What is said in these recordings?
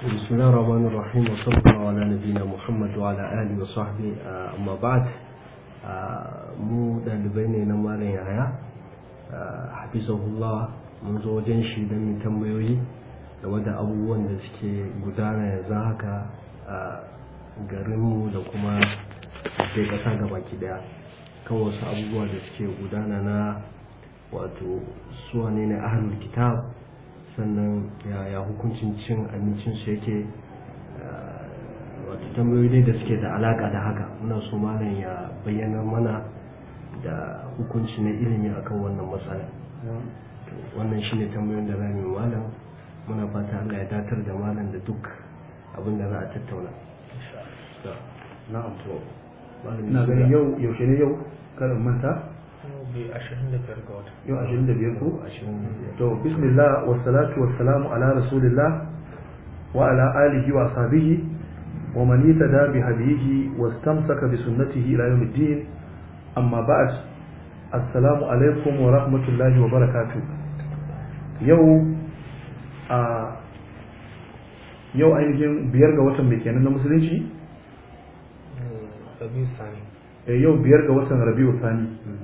بسم الله الرحمن الرحيم وصلى الله على نبينا محمد وعلى آله وصحبه أما بعد mu ɗalibai ne na malam yaya uh, hafizahullah mun zo wajen shi don mu tambayoyi game da abubuwan da suke gudana yanzu haka a uh, garinmu da kuma da ƙasa ga baki daya kan wasu abubuwa da suke gudana na wato suwane ne ahlul kitab sannan ya hukuncin cin abincin su yake eh, wata tambayoyi da suke da alaka da haka muna so malam ya bayyana mana da hukunci na ilimi akan wannan matsala wannan shine tambayoyin da zamu malam muna fata Allah ya datar da malam da duk abin da za a tattauna na'am to ina yau yaushe ne yau karin manta yau ashirin da biyar ko to bismillah wassalatu wassalamu ala rasulillah wa ala alihi wa sahbihi wa ta yatada bi hadihi wastamsaka bi sunnatihi ila yawmiddin amma ba'd assalamu alaikum wa rahmatullahi wa barakatu. yau a yau ainihin biyar ga watan mai kenan na musulunci hmm, eh, yau biyar ga watan rabiu sani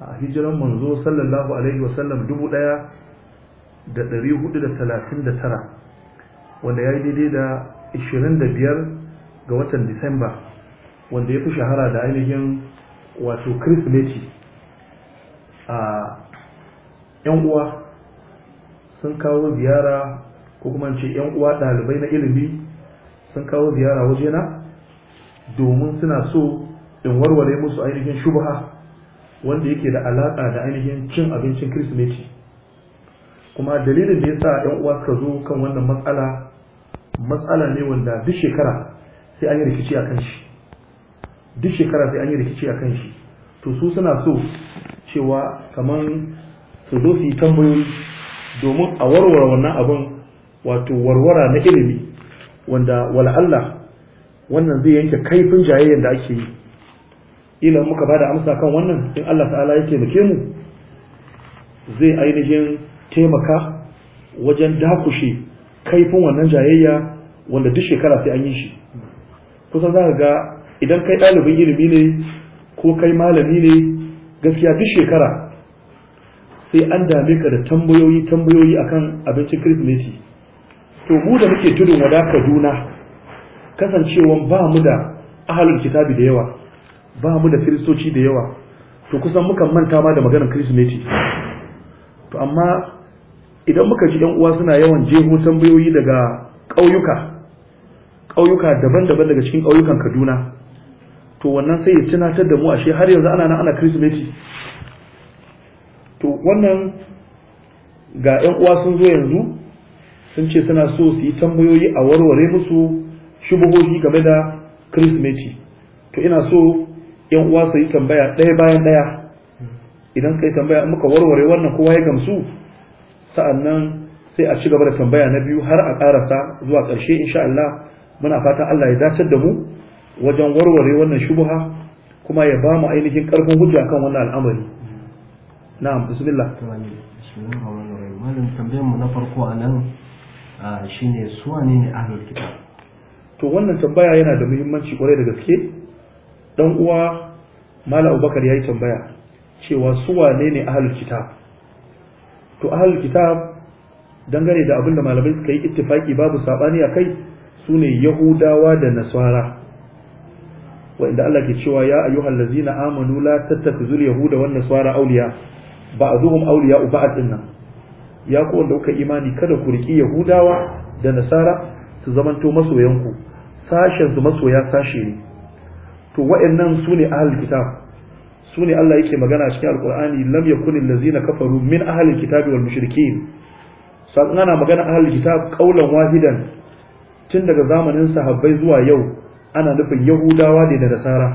a hijiran manzo sallallahu alaihi wasallam dubu ɗaya da ɗari hudu da talatin da tara wanda ya yi daidai da ishirin da biyar ga watan disamba wanda ya fi shahara da ainihin wato kirsimeti a yan uwa sun kawo ziyara ko kuma ce yan uwa ɗalibai na ilimi sun kawo ziyara wajena domin suna so in warware musu ainihin shubha wanda yake da alaƙa da ainihin cin abincin kirsimeti kuma dalilin da ya sa ‘yan uwa suka zo kan wannan matsala matsala ne wanda duk shekara sai an yi rikici a kan shi duk shekara sai an yi rikici a kan shi to su suna so cewa kamar su zo su yi tambayoyi domin a warware wannan abin wato warwara na ilimi wanda wala Allah wannan zai yanke kaifin jayayyar da ake yi ila muka ba da amsa kan wannan in Allah ta'ala ya taimake mu zai ainihin taimaka wajen dakushe kaifin wannan jayayya wanda duk shekara sai an yi shi kusan za ka ga idan kai ɗalibin ilimi ne ko kai malami ne gaskiya duk shekara sai an dame ka da tambayoyi tambayoyi akan abincin kirsimeti to mu da muke tudun wada kaduna kasancewan ba mu da ahalin kitabi da yawa ba mu da kiristoci da yawa to kusan mukan manta ma da maganar kirsimeti to amma idan muka ji yan uwa suna yawan jeho tambayoyi daga ƙauyuka ƙauyuka daban-daban daga cikin ƙauyukan kaduna to wannan sai ya tunatar da mu ashe har yanzu ana nan ana kirsimeti to wannan ga yan uwa sun zo yanzu sun ce suna so su yi tambayoyi a warware musu shubuhohi game da kirsimeti to ina so yan uwa su yi tambaya ɗaya bayan ɗaya idan suka yi tambaya muka warware wannan kowa ya gamsu sa'annan sai a ci gaba da tambaya na biyu har a ƙarasa zuwa ƙarshe insha Allah muna fatan Allah ya dasar da mu wajen warware wannan shubuha kuma ya ba mu ainihin ƙarfin hujja kan wannan al'amari na'am bismillah malam tambayar mu na farko a nan shine su wane ne ahlul kitab to wannan tambaya yana da muhimmanci kwarai da gaske dan uwa mala abubakar ya yi tambaya cewa su wane ne ahalul kitab to ahalul kitab dangane da abinda malamai suka yi ittifaki babu sabani a kai su ne yahudawa da nasara wa'inda Allah ke cewa ya ayu ayyuhal na amanu la zuri yahuda wani nasara ba a zuhun auliya uba a dinnan ya ku wanda kuka imani kada ku riƙi yahudawa da nasara su zamanto masoyanku sashen su masoya sashe ne to wa'annan su ne ahlul kitab su ne Allah yake magana cikin alqur'ani lam yakun allazina kafaru min ahlul kitab wal mushrikin san ana magana ahlul kitab qaulan wahidan tun daga zamanin sahabbai zuwa yau ana nufin yahudawa ne da nasara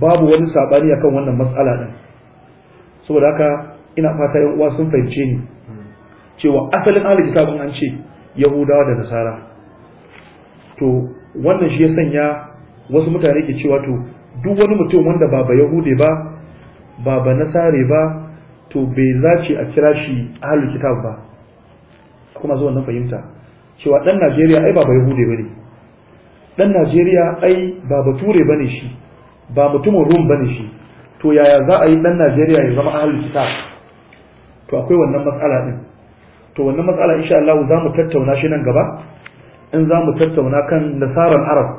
babu wani sabani akan wannan matsala din saboda haka ina fata yan uwa sun fahimce ni cewa asalin ahlul kitabun an ce yahudawa da nasara to wannan shi ya sanya wasu mutane ke cewa to duk wani mutum wanda ba ba yahude ba ba ba nasare ba to bai zace a kira shi ahlul kitab ba kuma zo wannan fahimta cewa dan Najeriya ai ba ba yahude bane dan Najeriya ai ba bature bane shi ba mutumin rum bane shi to yaya za a yi dan Najeriya ya zama ahlul kitab to akwai wannan matsala din to wannan matsala insha Allah za mu tattauna shi nan gaba in za mu tattauna kan nasaran arab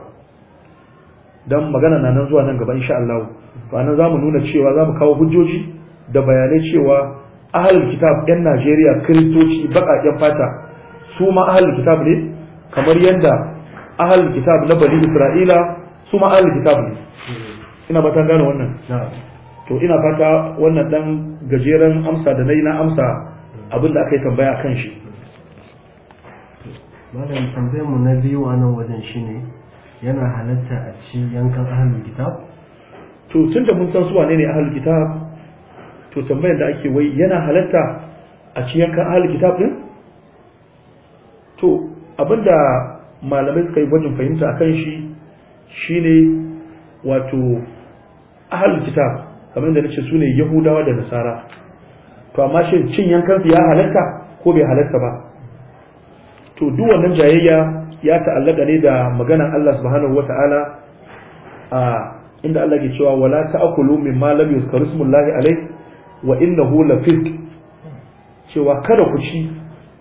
dan magana na nan zuwa nan gaba insha Allah to anan zamu nuna cewa zamu kawo hujjoji da bayanai cewa ahlul kitab yan Najeriya kristoci baƙaƙen fata su ma ahlul kitab ne kamar yadda ahlul kitab na bani Isra'ila su ma ahlul kitab ne ina ba ta gane wannan to ina fata wannan dan gajeren amsa da nayi na amsa abin da aka yi tambaya kan shi malam tambayar mu na biyu a nan wajen shine yana halatta a ci yankan ahalin kitab to tun da mun san su wane ne ahalin kitab to tambayar da ake wai yana halatta a ci yankan ahalin kitab din to abinda malamai suka yi gwajin fahimta a kan shi shi ne wato ahalin kitab kamar da nace ne yahudawa da nasara to amma shi cin yankan su ya halatta ko bai halatta ba to duk wannan jayayya ya ta'allaka ne da maganan Allah subhanahu wata'ala a inda Allah ke cewa wala ta'kulu mimma lam yuzkaru smullahi alai wa innahu fit cewa kada ku ci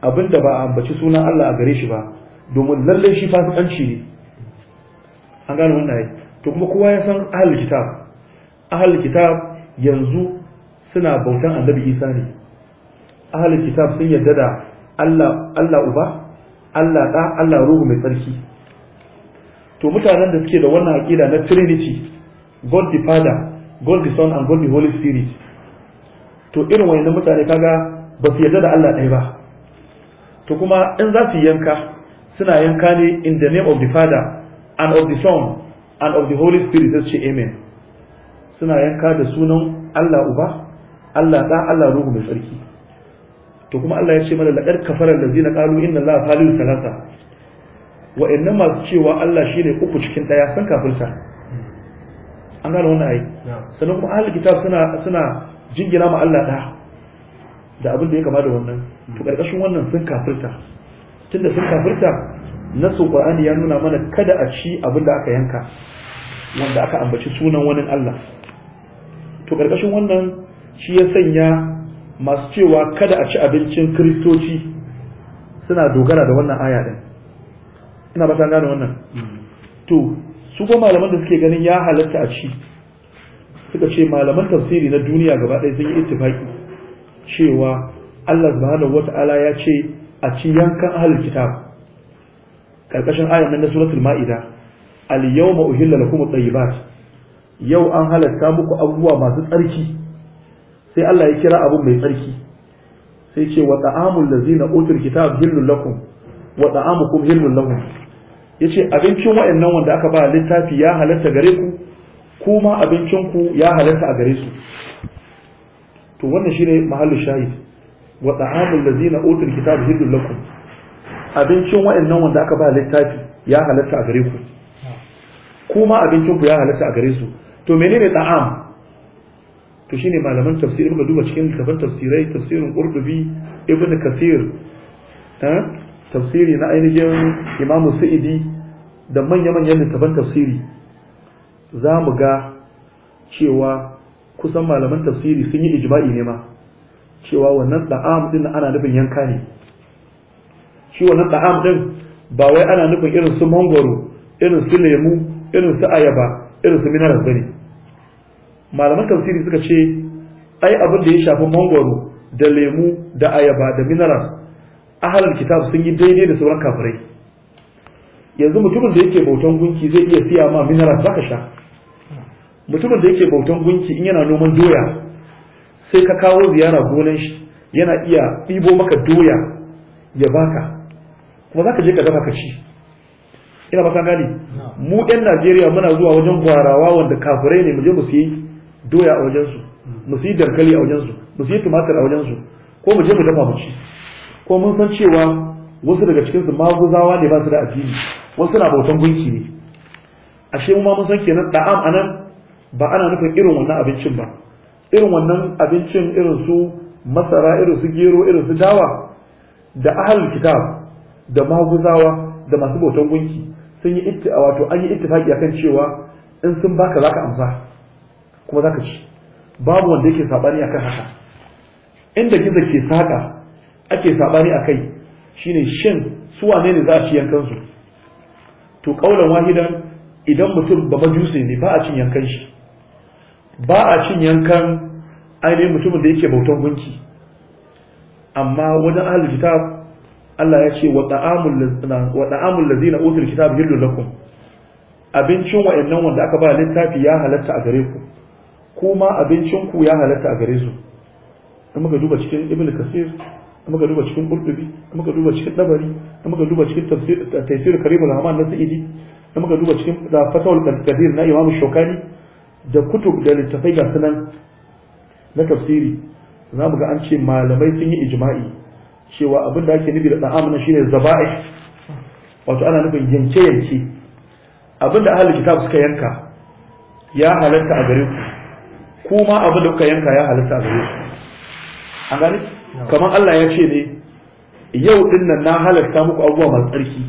abinda ba a ambaci sunan Allah a gare shi ba domin lalle shi fasikanci ne an gane wannan ai to kuma kowa ya san ahal kitab ahlul kitab yanzu suna bautan annabi Isa ne kitab sun yarda da Allah Allah uba Allah da Allah ruhu mai tsarki to mutanen da suke da wannan aƙida na trinity god the father god the son and god the holy spirit to irin wani mutane kaga ba su yarda da Allah ɗaya ba to kuma in za su yanka suna yanka ne in the name of the father and of the son and of the holy spirit sai ce amen suna yanka da sunan Allah uba Allah da, Allah ruhu mai tsarki to kuma Allah ya ce mana laqad kafara allazina qalu inna allaha thalithu thalatha wa inna masu cewa Allah shine uku cikin daya san kafirta an gano wannan ayi sannan kuma ahlul kitab suna suna jingina ma Allah da da abin da ya kama da wannan to karkashin wannan sun kafirta tunda sun kafirta nasu qur'ani ya nuna mana kada a ci abin da aka yanka wanda aka ambaci sunan wani Allah to karkashin wannan shi ya sanya masu cewa kada a ci abincin kristoci suna dogara da wannan aya din ina ba san gane wannan mm-hmm. to su ko malaman da suke ganin ya halatta a ci suka ce malaman tafsiri na duniya gaba ɗaya sun yi ittifaki cewa Allah subhanahu wata'ala ya ce a ci yankan ahlul kitab karkashin ayan nan na suratul ma'ida al yawma uhilla lakum at-tayyibat yau an halatta muku abubuwa masu tsarki sai Allah ya kira abu mai tsarki sai ce wa ta'amul ladzina utul kitab hillul lakum wa ta'amukum hillul lahum yace abincin wayannan wanda aka ba littafi ya halatta gare ku kuma abincin ku ya halatta a gare su to wannan shine mahallu shahid wa ta'amul ladzina utul kitab hillul lakum abincin wayannan wanda aka ba littafi ya halatta a gare ku kuma abincin ku ya halatta a gare su to menene ta'am to shine malaman tafsir muka duba cikin littafin tafsirai tafsirin qurtubi ibn kasir tafsiri na ainihin imam sa'idi da manya-manyan littafin tafsiri za mu ga cewa kusan malaman tafsiri sun yi ijma'i ne ma cewa wannan da'am din ana nufin yanka ne shi wannan da'am din ba wai ana nufin irin su mangoro irin su lemu irin su ayaba irin su minaras bane malaman tafsiri suka ce ai abin da ya shafi mangwaro da lemu da ayaba da mineral ahalar kitab sun yi daidai da sauran kafirai yanzu mutumin da yake bautan gunki zai iya siya ma mineral zaka sha mutumin da yake bautan gunki in yana noman doya sai ka kawo ziyara gonan shi yana iya ɗibo maka doya ya baka kuma za ka je ka dafa ka ci ina ba gani mu 'yan najeriya muna zuwa wajen gwarawa wanda kafirai ne mu je mu siyi doya a wajensu mu yi dankali a wajensu mu yi tumatir a wajensu ko mu je mu dafa mu ci ko mun san cewa wasu daga cikinsu maguzawa ne ba su da addini wasu na bautan gunki ne ashe mu ma mun san kenan da'am anan ba ana nufin irin wannan abincin ba irin wannan abincin irin su masara irin su gero irin su dawa da ahal kitab da maguzawa da masu bautan gunki sun yi wato an yi ittifaki akan cewa in sun baka zaka amsa kuma za ka ci babu wanda yake sabani akan haka inda gizo ke saka ake sabani akai shine shin su wane ne za a ci yankan su to kaulan wahidan idan mutum ba majusi ne ba a cin yankan shi ba a cin yankan ainihin mutumin da yake bautan gunki amma wajen ahlul kitab Allah ya ce wa lazi na utul kitab hillu lakum abincin wa'annan wanda aka ba littafi ya halatta a gare ku kuma abincinku ya halatta a gare su da muka duba cikin ibn kasir da muka duba cikin qurtubi da muka duba cikin dabari da muka duba cikin tafsir tafsir karim al-haman na sa'idi da muka duba cikin da fatawul kadir na imam shokani da kutub da littafai ga sunan na tafsiri za mu ga an ce malamai sun yi ijma'i cewa abin da ake nufi da da'am na shine zaba'i wato ana nufin yanke yanke abin da ahlul kitab suka yanka ya halatta a gare ku kuma abin da kuka yanka ya halitta a gare an gane kamar Allah ya ce ne yau din na halitta muku abubuwa masu tsarki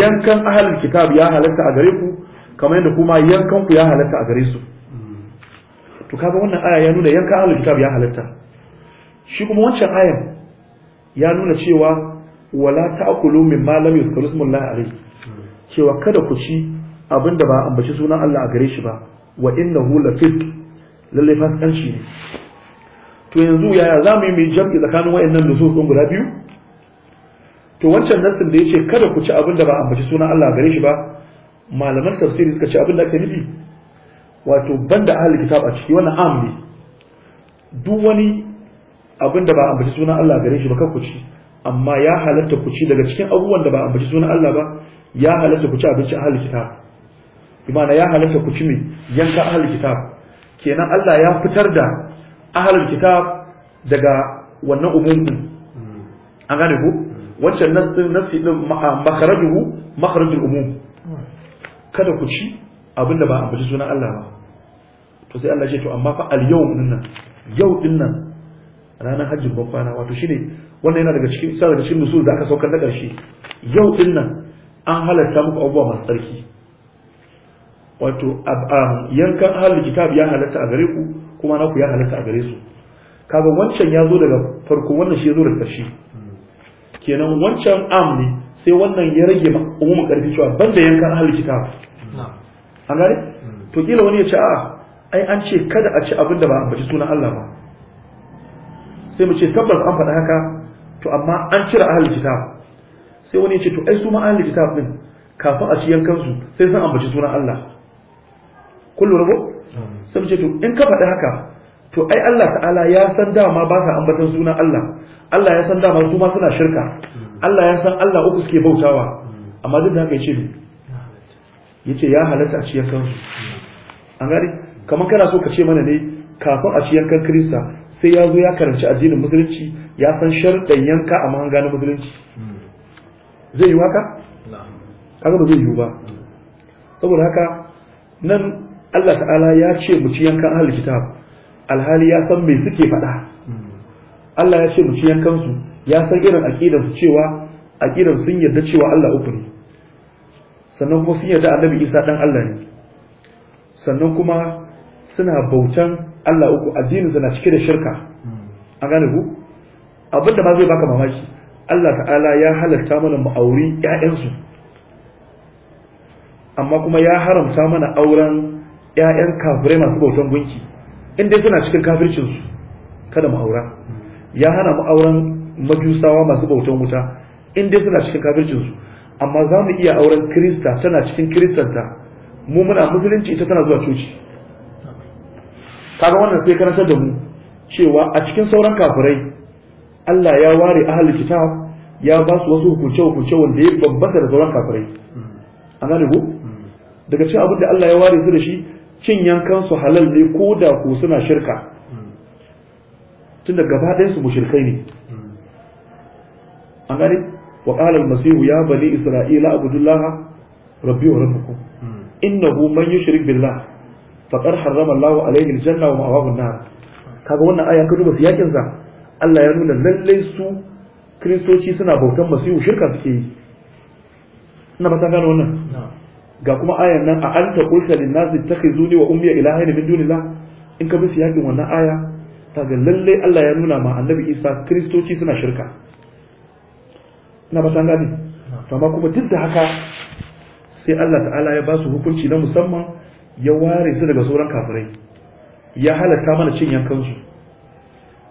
yankan ahalin kitab ya halatta a gare ku kamar yadda kuma yankan ku ya halatta a gare su to kaga wannan aya ya nuna yankan ahalin kitab ya halatta shi kuma wancan ayan ya nuna cewa wala ta'kulu mimma lam yuzkaru ismullahi alayhi cewa kada ku ci abinda ba a ambaci sunan Allah a gare shi ba wa innahu lafiq lallai fasikanci ne to yanzu yaya za mu yi mai jam'i tsakanin wayannan da ɗin guda biyu to wancan nassin da ya ce kada ku ci abin da ba ambaci sunan Allah gare shi ba malaman tafsiri suka ce abin da ake nufi wato banda ahli kitab a ciki wannan am ne duk wani abin da ba ambaci sunan Allah gare shi ba kar ku ci amma ya halatta ku ci daga cikin abubuwan da ba ambaci sunan Allah ba ya halatta ku ci abinci ahli kitab imana ya halatta ku ci mai yanka ahli kitab kenan Allah ya fitar da ahlul kitab daga wannan umumin an gane ku wancan nassin nassi din makharajuhu makharajul umum kada ku ci abinda ba ambaci sunan Allah ba to sai Allah ya ce to amma fa al yawm din nan yau din nan ranar hajjin babbana wato shine wannan yana daga cikin sa daga cikin nusul da aka saukar da karshe yau din nan an halatta muku abubuwa masu tsarki wato yankan ahlul kitab ya halatta a gare ku kuma na ku ya halatta a gare su kaga wancan ya zo daga farko wannan shi ya zo daga shi kenan wancan am ne sai wannan ya rage umumin karfi cewa banda yankan ahlul kitab an gare? Hmm. to kila wani ya ce a'a ai an ce kada a ci abin da ba a baci suna Allah ba sai mu ce tabbas an faɗa haka to amma an cire ahlul kitab sai wani ya ce to ai su ma ahlul kitab din kafin a ci yankan su sai san ambaci suna Allah kullu rubu sai ce to in ka faɗi haka to ai Allah ta'ala ya san dama ba sa ambaton sunan Allah Allah ya san dama su ma suna shirka hmm. Allah ya san Allah uku suke bautawa hmm. amma duk da haka yace yace ya halatta a ciyar kansu hmm. an gari kamar kana so ka ce mana ne kafin a ciyar kan Kirista sai ya zo ya karanci addinin musulunci ya san sharɗan yanka a mahanga musulunci zai yi haka kaga ba zai yiwu ba saboda haka nan Allah ta'ala ya ce mu ci yankan ahli kitab alhali ya san me suke faɗa Allah ya ce mu ci yankan su ya san irin aqidar su cewa aqidar sun yarda cewa Allah uku ne sannan kuma sun yarda Annabi Isa dan Allah ne sannan kuma suna bautan Allah uku addinin na cike da shirka an gane ku abinda ma zai baka mamaki Allah ta'ala ya halarta mana mu auri ƴaƴansu amma kuma ya haramta mana auren Ya'yan kafirai masu bautan gunki in dai suna cikin kafircin su kada mu aura ya hana mu auren majusawa masu bautan wuta in dai suna cikin kafircin su amma za mu iya auren kirista tana cikin kiristanta mu muna musulunci ita tana zuwa coci kaga wannan sai karantar da mu cewa a cikin sauran kafirai Allah ya ware ahlul kitab ya ba su wasu hukunce hukunce wanda ya bambanta da sauran kafirai an gane ko hmm. daga cikin abin da Allah ya ware su da shi cin yankan su halal ne ko da ku suna shirka tunda gaba ɗaya su ne an gani wa qala al ya bani isra'ila abudullah rabbi wa rabbukum innahu man yushrik billah faqad harrama Allah alayhi al-janna wa ma'awahu an-nar kaga wannan aya ka duba siyakin sa Allah ya nuna lalle su kristoci suna bautan masihu shirka suke yi ina ba ta gano wannan ga kuma ayan nan a anta kulta lin nas ittakhizuni wa ummi ilahaini min dunillah in ka bi siyakin wannan aya kaga lalle Allah ya nuna ma annabi Isa kristoci suna shirka na ba to amma kuma duk da haka sai Allah ta'ala ya ba su hukunci na musamman ya ware su daga sauran kafirai ya halatta mana cin yankansu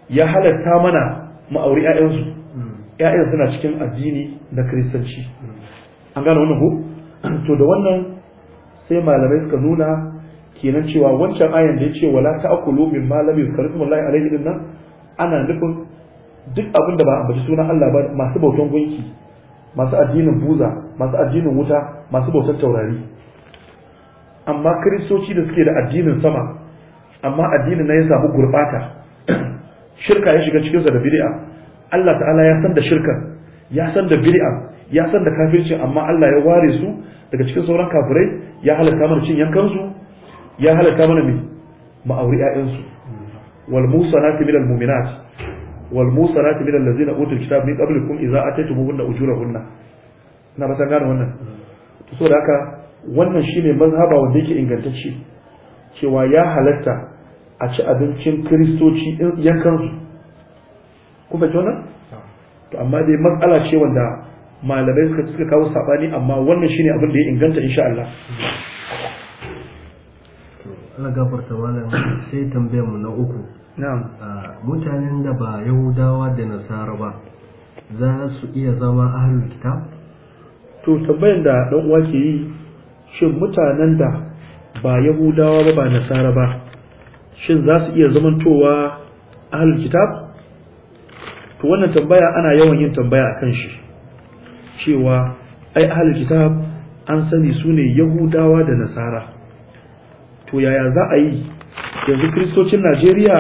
ya halatta mana ma'auri 'ya'yansu 'ya'yan suna cikin addini na kiristanci an gane wannan ko to da wannan sai malamai suka nuna kenan cewa wancan ayan da ya ce wala akulu min malami lam yuzkar wallahi alayhi din nan ana nufin duk abin da ba a ambaci sunan Allah ba masu bautan gunki masu addinin buza masu addinin wuta masu bautar taurari amma kiristoci da suke da addinin sama amma addinin na ya samu gurbata shirka ya shiga cikinsa da bid'a Allah ta'ala ya san da shirkan ya san da bid'a ya san da kafirci amma Allah ya ware su daga cikin sauran kafirai ya halatta mana cin yankansu ya halatta mana mai ma'auri ƴaƴansu wal musanati minal mu'minat wal musanati minal ladzina utul kitab min qablikum idza ataytumuhunna ujurahunna ina ba san gane wannan to da haka wannan shine mazhaba wanda yake ingantacce cewa ya halatta a ci abincin kristoci yankansu Kuma fahimci to amma dai matsala ce wanda malamai suka suka kawo sabani amma wannan shine abin da ya inganta insha Allah Allah gafarta malam sai tambayar mu na uku na'am ah, mutanen da ba yahudawa da nasara ba za su iya zama ahlul kitab to tambayar da dan uwa ke yi shin mutanen da ba yahudawa ba ba nasara ba shin za su iya zamantowa ahlul kitab to wannan tambaya ana yawan yin tambaya akan shi cewa ai ahlul kitab an sani su ne yahudawa da nasara to yaya za a yi yanzu kristocin najeriya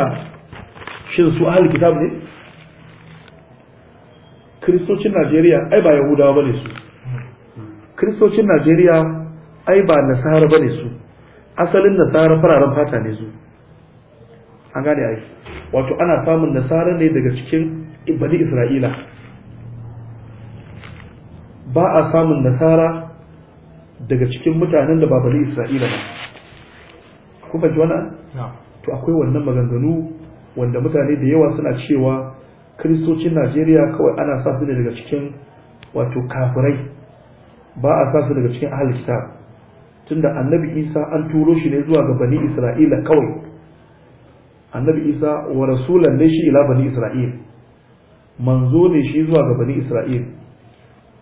shin su ahlul kitab ne kristocin najeriya ai ba yahudawa bane su kristocin najeriya ai ba nasara bane su asalin nasara fararen fata ne su an gane ai wato ana samun nasara ne daga cikin bani isra'ila ba a samun nasara daga cikin mutanen da ba bani isra'ila ba ku ba wannan to akwai wannan maganganu wanda mutane da yawa suna cewa kristocin najeriya kawai ana sa ne daga cikin wato kafirai ba a sa su daga cikin ahal tunda annabi isa an turo shi ne zuwa ga bani isra'ila kawai annabi isa wa rasulan ne shi ila bani Isra'ila. manzo ne shi zuwa ga bani Isra'ila.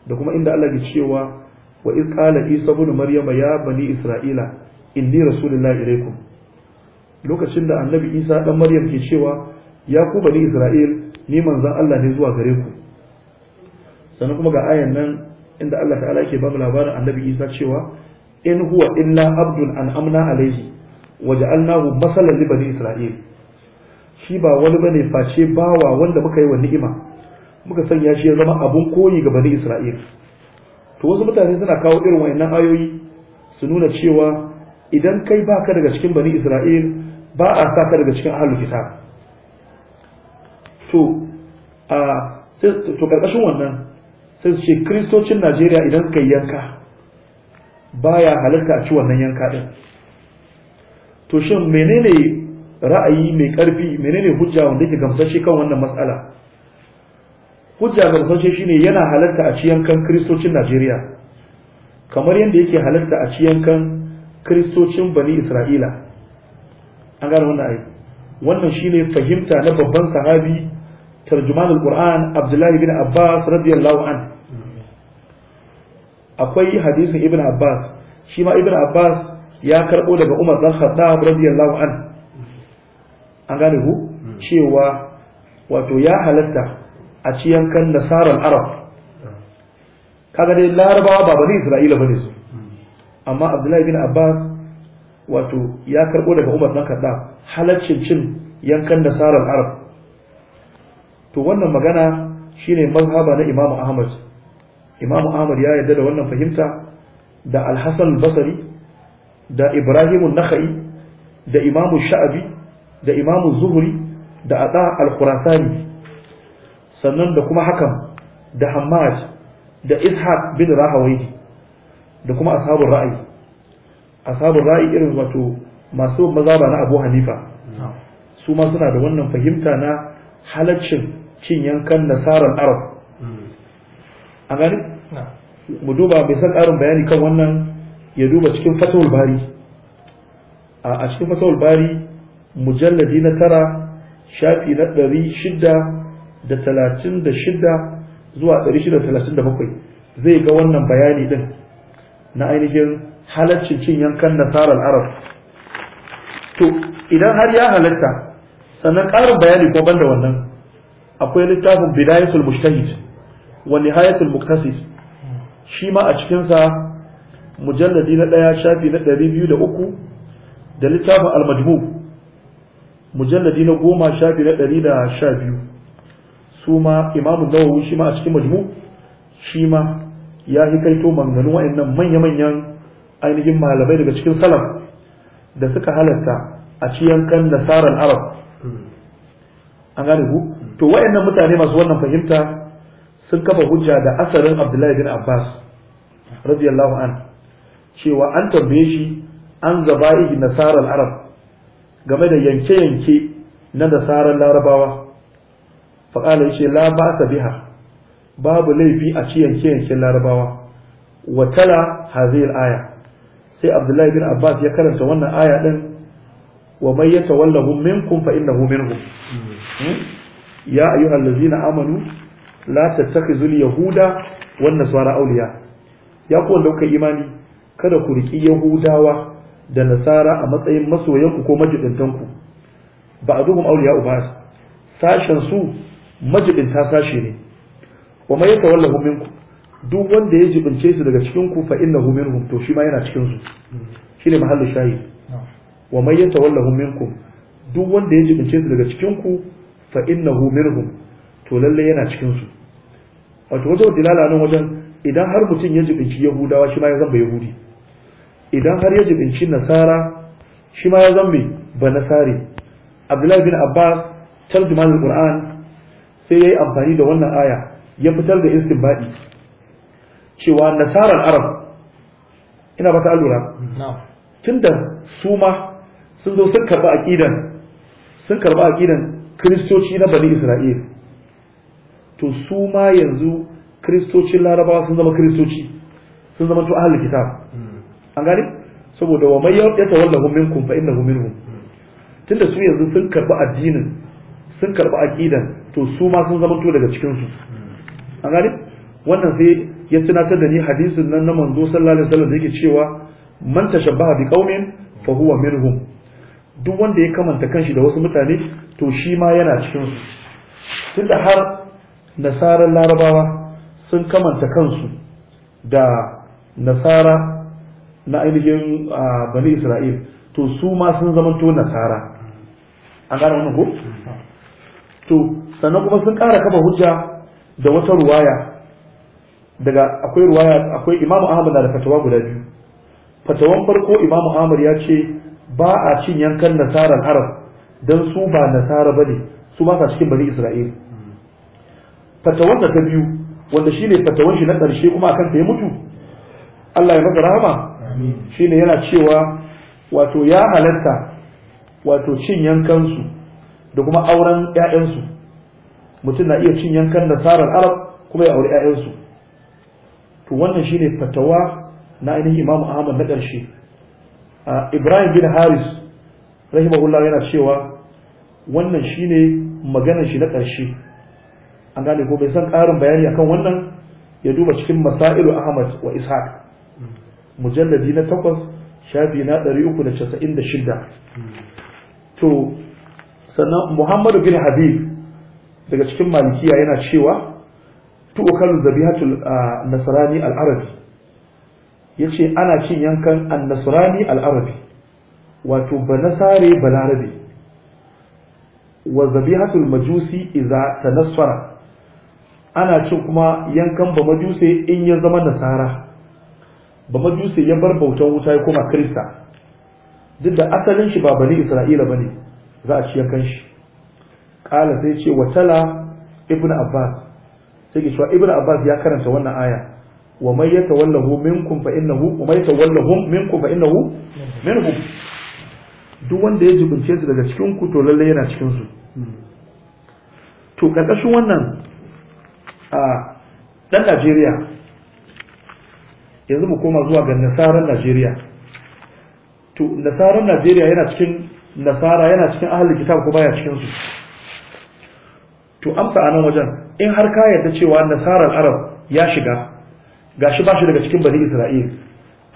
da kuma inda Allah ke cewa wa iz qala isa ibn maryama ya bani isra'ila inni rasulullahi ilaikum lokacin da annabi isa dan maryam ke cewa ya ku bani isra'il ni manzon Allah ne zuwa gare ku sannan kuma ga ayan nan inda Allah ta'ala yake ba mu labarin annabi isa cewa in huwa illa abdun an amna Alayhi, wa ja'alnahu masalan li bani isra'il shi ba wani bane face bawa wanda muka yi wa ni'ima muka sanya shi ya zama abun koyi ga bani Isra'il to wasu mutane suna kawo irin wayannan ayoyi su nuna cewa idan kai baka daga cikin bani Isra'il ba a sa ka daga cikin ahlul kitab to a to karkashin wannan sai su ce kristocin Najeriya idan suka yanka baya halarta a ci wannan yanka din to shin menene ra'ayi mai karfi menene hujja wanda yake gamsashe kan wannan matsala hujja garfashe shine yana halarta a ci yankan kristocin Najeriya kamar yadda yake halarta a ci yankan kristocin Bani Isra'ila an gane wannan ai wannan shine fahimta na babban sahabi tarjuman al-Qur'an Abdullahi bin Abbas radiyallahu an akwai hadisin Ibn Abbas shi ma Ibn Abbas ya karbo daga Umar dan Khattab radiyallahu an an gane ku hmm. cewa wato ya halatta a ci yankan nasarar arab kaga dai larabawa ba bani isra'ila bane su amma abdullahi bin abbas wato ya karbo daga umar dan kaɗa halaccin cin yankan nasarar arab to wannan magana shine mazhaba na imam ahmad imam ahmad ya yarda da wannan fahimta da Alhassan Basari, da ibrahim Naka'i, nakhai da imam Sha'abi, da imam zuhri da ada al-khurasani sannan da kuma hakan da hammad da ishaq bin rahawai da kuma ashabun ra'ayi ashabun ra'ayi irin wato masu mazaba na abu hanifa su ma suna da wannan fahimta na halaccin cin yankan nasarar arab mm. a gani mu duba bai san ƙarin bayani kan wannan ya duba cikin fatawul bari a cikin fatawul bari mujalladi na tara shafi na ɗari shida da talatin da shida zuwa ɗari shida talatin da bakwai zai ga wannan bayani din na ainihin halaccin cin yankan nasarar arab to idan har ya halatta sannan ƙarin bayani ko banda wannan akwai littafin bidayatul mujtahid wa nihayatul muqtasid shi ma a cikinsa mujalladi na ɗaya shafi na biyu da littafin al mujalladi na goma shafi na biyu. su ma imamun nawawi shi ma a cikin majmu shi ma ya yi kaito wa wa'annan manya-manyan ainihin malamai daga cikin salam. da suka halarta a kan nasarar arab an gane ku to wa'annan mutane masu wannan fahimta sun kafa hujja da asarin abdullahi bin abbas radiyallahu an cewa an tambaye shi an zaba'i nasarar arab game da yanke-yanke na nasarar larabawa faƙala ya ce la ba sa biha babu laifi a ci yanke yanken larabawa wa tala aya sai abdullahi bin abbas ya karanta wannan aya din wa may yatawallahu minkum fa innahu minhum ya ayyuhal ladzina amanu la tattakhizul yahuda wannan nasara auliya ya ku wanda kuka imani kada ku riki yahudawa da nasara a matsayin masoyanku ko majidantanku ba'duhum auliya ba sashen su majibinta tashi ne wa mai yata wallahu minku duk wanda ya jibince su daga cikin ku fa innahu minhum to shi ma yana cikin su shine mahallu shahid wa mai yata wallahu minkum duk wanda ya jibince su daga cikin ku fa innahu minhum to lalle yana cikin su wato wajen dilala nan wajen idan har mutum ya jibinci yahudawa shi ma ya zamba yahudi idan har ya jibinci nasara shi ma ya zambe ba nasari abdullahi bin abbas tarjuman al sai ya yi amfani da wannan aya ya fitar da baɗi cewa nasarar arab ina ba ta alura tunda su ma sun zo sun karɓi aƙidan sun karba aqidan kristoci na bani isra'il to su ma yanzu kristocin larabawa sun zama kristoci sun zama to ahlul kitab hmm. an gani saboda wa may yatawallahum minkum fa innahum minhum hmm. tunda su yanzu sun karɓi addinin sun karba aƙidan to su ma sun zama daga cikinsu. su an gani wannan sai ya tunatar da ni hadisin nan na manzo sallallahu alaihi wasallam da yake cewa man tashabbaha bi qaumin fa huwa minhum duk wanda ya kamanta kanshi da wasu mutane to shi ma yana cikinsu. su tunda har nasarar larabawa sun kamanta kansu da nasara na ainihin bani isra'il to su ma sun zamanto nasara an gane wannan ko to sannan kuma sun ƙara kafa hujja da wata ruwaya daga akwai ruwaya akwai imamu ahmad na da fatawa guda biyu fatawan farko imamu ahmad ya ce ba a cin yankan nasarar arab don su ba nasara ba ne su ba sa cikin bari isra'il fatawan da ta biyu wanda shi ne fatawan shi na ƙarshe kuma akan ta ya mutu allah ya maka rahama shi ne yana cewa wato ya halatta wato cin yankansu da kuma auren 'ya'yansu mutum na iya cin yankan da sarar arab kuma ya auri 'ya'yansu to wannan ne fatawa na ainihin imam ahmad na ƙarshe ibrahim bin haris rahimahullah yana cewa wannan shine maganar shi na ƙarshe an gane ko bai san ƙarin bayani akan wannan ya duba cikin masailu ahmad wa ishaq mujalladi na takwas shafi na ɗari uku da casa'in da shida to sannan muhammadu bin habib daga cikin malikiya yana cewa tu'kalu zabihatul ah, nasrani al-arabi yace ana cin yankan an-nasrani al-arabi wato banasare balarabe wa zabihatul majusi idza tanassara ana cin kuma yankan ba majuse in ya zama nasara ba majuse ya bar bautan wuta ya koma krista duk da asalin shi ba bani isra'ila bane za a ci yankan shi kala sai ce watala ibn abbas sai ke cewa ibn abbas ya karanta wannan aya wa mai may wallahu minkum fa innahu wa may yatawallahum minkum fa innahu minhum duk wanda ya jibince su daga cikin ku to lalle yana cikin su to karkashin wannan a dan Najeriya yanzu mu koma zuwa ga nasaran Najeriya to nasaran Najeriya yana cikin nasara yana cikin ahlul kitab ko baya cikin su to amsa anan wajen in har ka yarda cewa nasarar arab ya shiga gashi ba shi daga cikin bani isra'il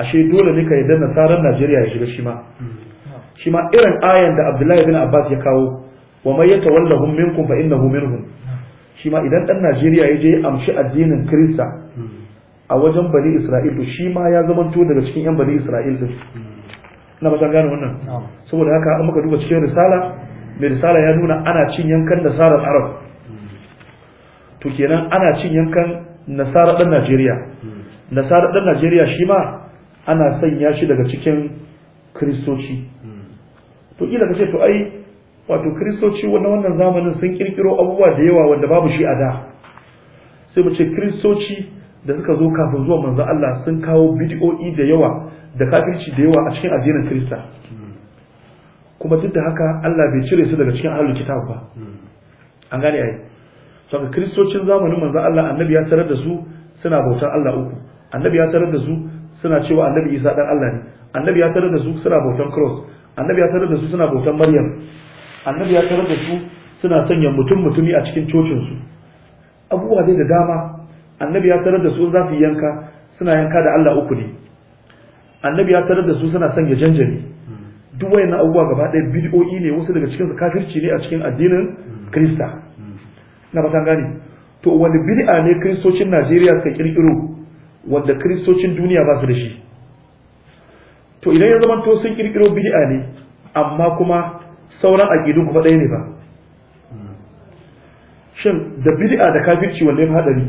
ashe dole ne ka yarda nasarar najeriya ya shiga shi ma hmm. shi ma irin ayan da abdullahi bin abbas ya kawo wa man yatawallahum minkum fa innahu minhum shi ma idan dan najeriya ya je amshi addinin krista hmm. a wajen bani isra'il to shi ma ya zamanto daga cikin yan bani isra'il din hmm. na bata gane wannan saboda haka an muka duba cikin risala mai risala ya nuna ana cin yankan nasarar arab to kenan ana cin yankan nasara dan najeriya hmm. nasara dan najeriya shi ma ana sanya shi daga cikin kristoci hmm. to ila ka ce to ai wato kristoci wannan wannan zamanin sun kirkiro abubuwa da yawa wanda babu shi a da sai mu ce kristoci da suka zo kafin zuwa manzo Allah sun kawo bid'o'i da yawa da kafirci da yawa a cikin addinin Kirista hmm. kuma duk da haka Allah bai cire su daga cikin ahlul kitab ba an gane ai saka kristocin zamanin manzo Allah annabi ya tarar da su suna bautar Allah uku annabi ya tarar da su suna cewa annabi Isa dan Allah ne annabi ya tarar da su suna bautar cross annabi ya tarar da su suna bautar Maryam annabi ya tarar da su suna sanya mutum mutumi a cikin cocin su abubuwa dai da dama annabi ya tarar da su za su yanka suna yanka da Allah uku ne annabi ya tarar da su suna sanya janjani duk wayannan abubuwa gaba ɗaya bid'o'i ne wasu daga cikin kafirci ne a cikin addinin Kirista na ba gane to wani bid'a ne kristocin Najeriya suka kirkiro wanda kristocin duniya ba su da shi to idan ya zama to sun kirkiro bid'a ne amma kuma sauran aqidu kuma ɗaya ne ba shin da bid'a da kafirci wanda ya hadari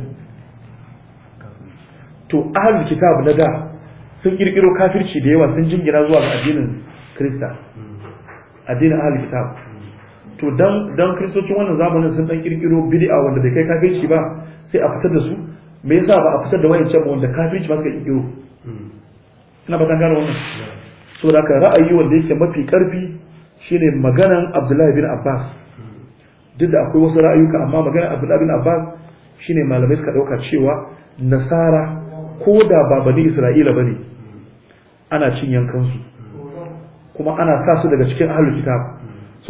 to ahlul kitab na da sun kirkiro kafirci da yawa sun jingina zuwa ga addinin krista addinin ahlul kitab to dan dan kristocin wannan zamanin sun dan kirkiro bid'a wanda bai kai kafirci ba sai a fitar da su me yasa ba a fitar da wayan can wanda kafirci ba suka kirkiro ina ba gane wannan so da ka ra'ayi wanda yake mafi karfi shine maganan Abdullahi bin Abbas duk da akwai wasu ra'ayuka amma maganan Abdullahi bin Abbas shine malamai suka dauka cewa nasara ko da ba bani Isra'ila bane ana cin yankansu kuma ana sa su daga cikin ahlul kitab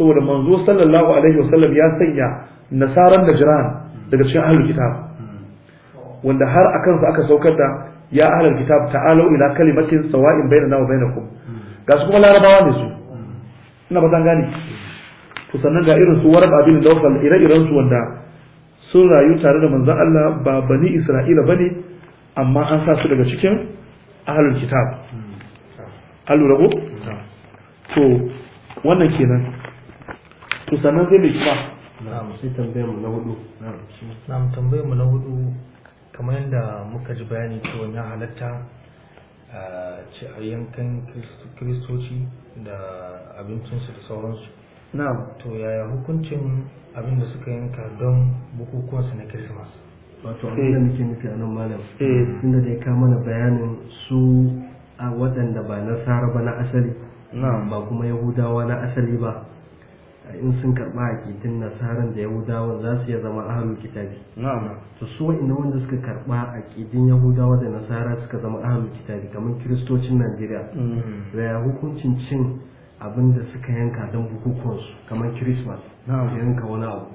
saboda manzo sallallahu alaihi wasallam ya sanya nasaran da jiran daga cikin ahlul kitab wanda har akan su aka saukar da ya ahlul kitab ta'alu ila kalimatin sawa'in bainana wa bainakum ga su kuma larabawa ne su ina ba zan gane to sannan ga irin su warab abin dawfal ire-iren su wanda sun rayu tare da manzon Allah ba bani Isra'ila bane amma an sa su daga cikin ahlul kitab an lura ko to wannan kenan to sannan zai bai shiga na'am sai tambayar mu na hudu na'am tambayar mu na hudu kamar yadda muka ji bayani cewa ya halatta ci a yankan kiristoci da abincinsu da sauransu na'am to yaya hukuncin abin da suka yanka don bukukuwansu na kirismas wato eh. abin da muke nufi a nan malam inda eh. da ya kawo mana bayanin su a waɗanda ba tsara ba na asali ba kuma yahudawa na asali ba in sun karɓa aƙidin nasaran da yahudawan za su iya zama ahalul kitabi to su wa'inda wanda suka karɓa aƙidin yahudawa da nasara suka zama ahalul kitabi kamar kiristocin najeriya da mm. hukuncin cin abin da suka yanka don su kamar kirismas da yanka wani abu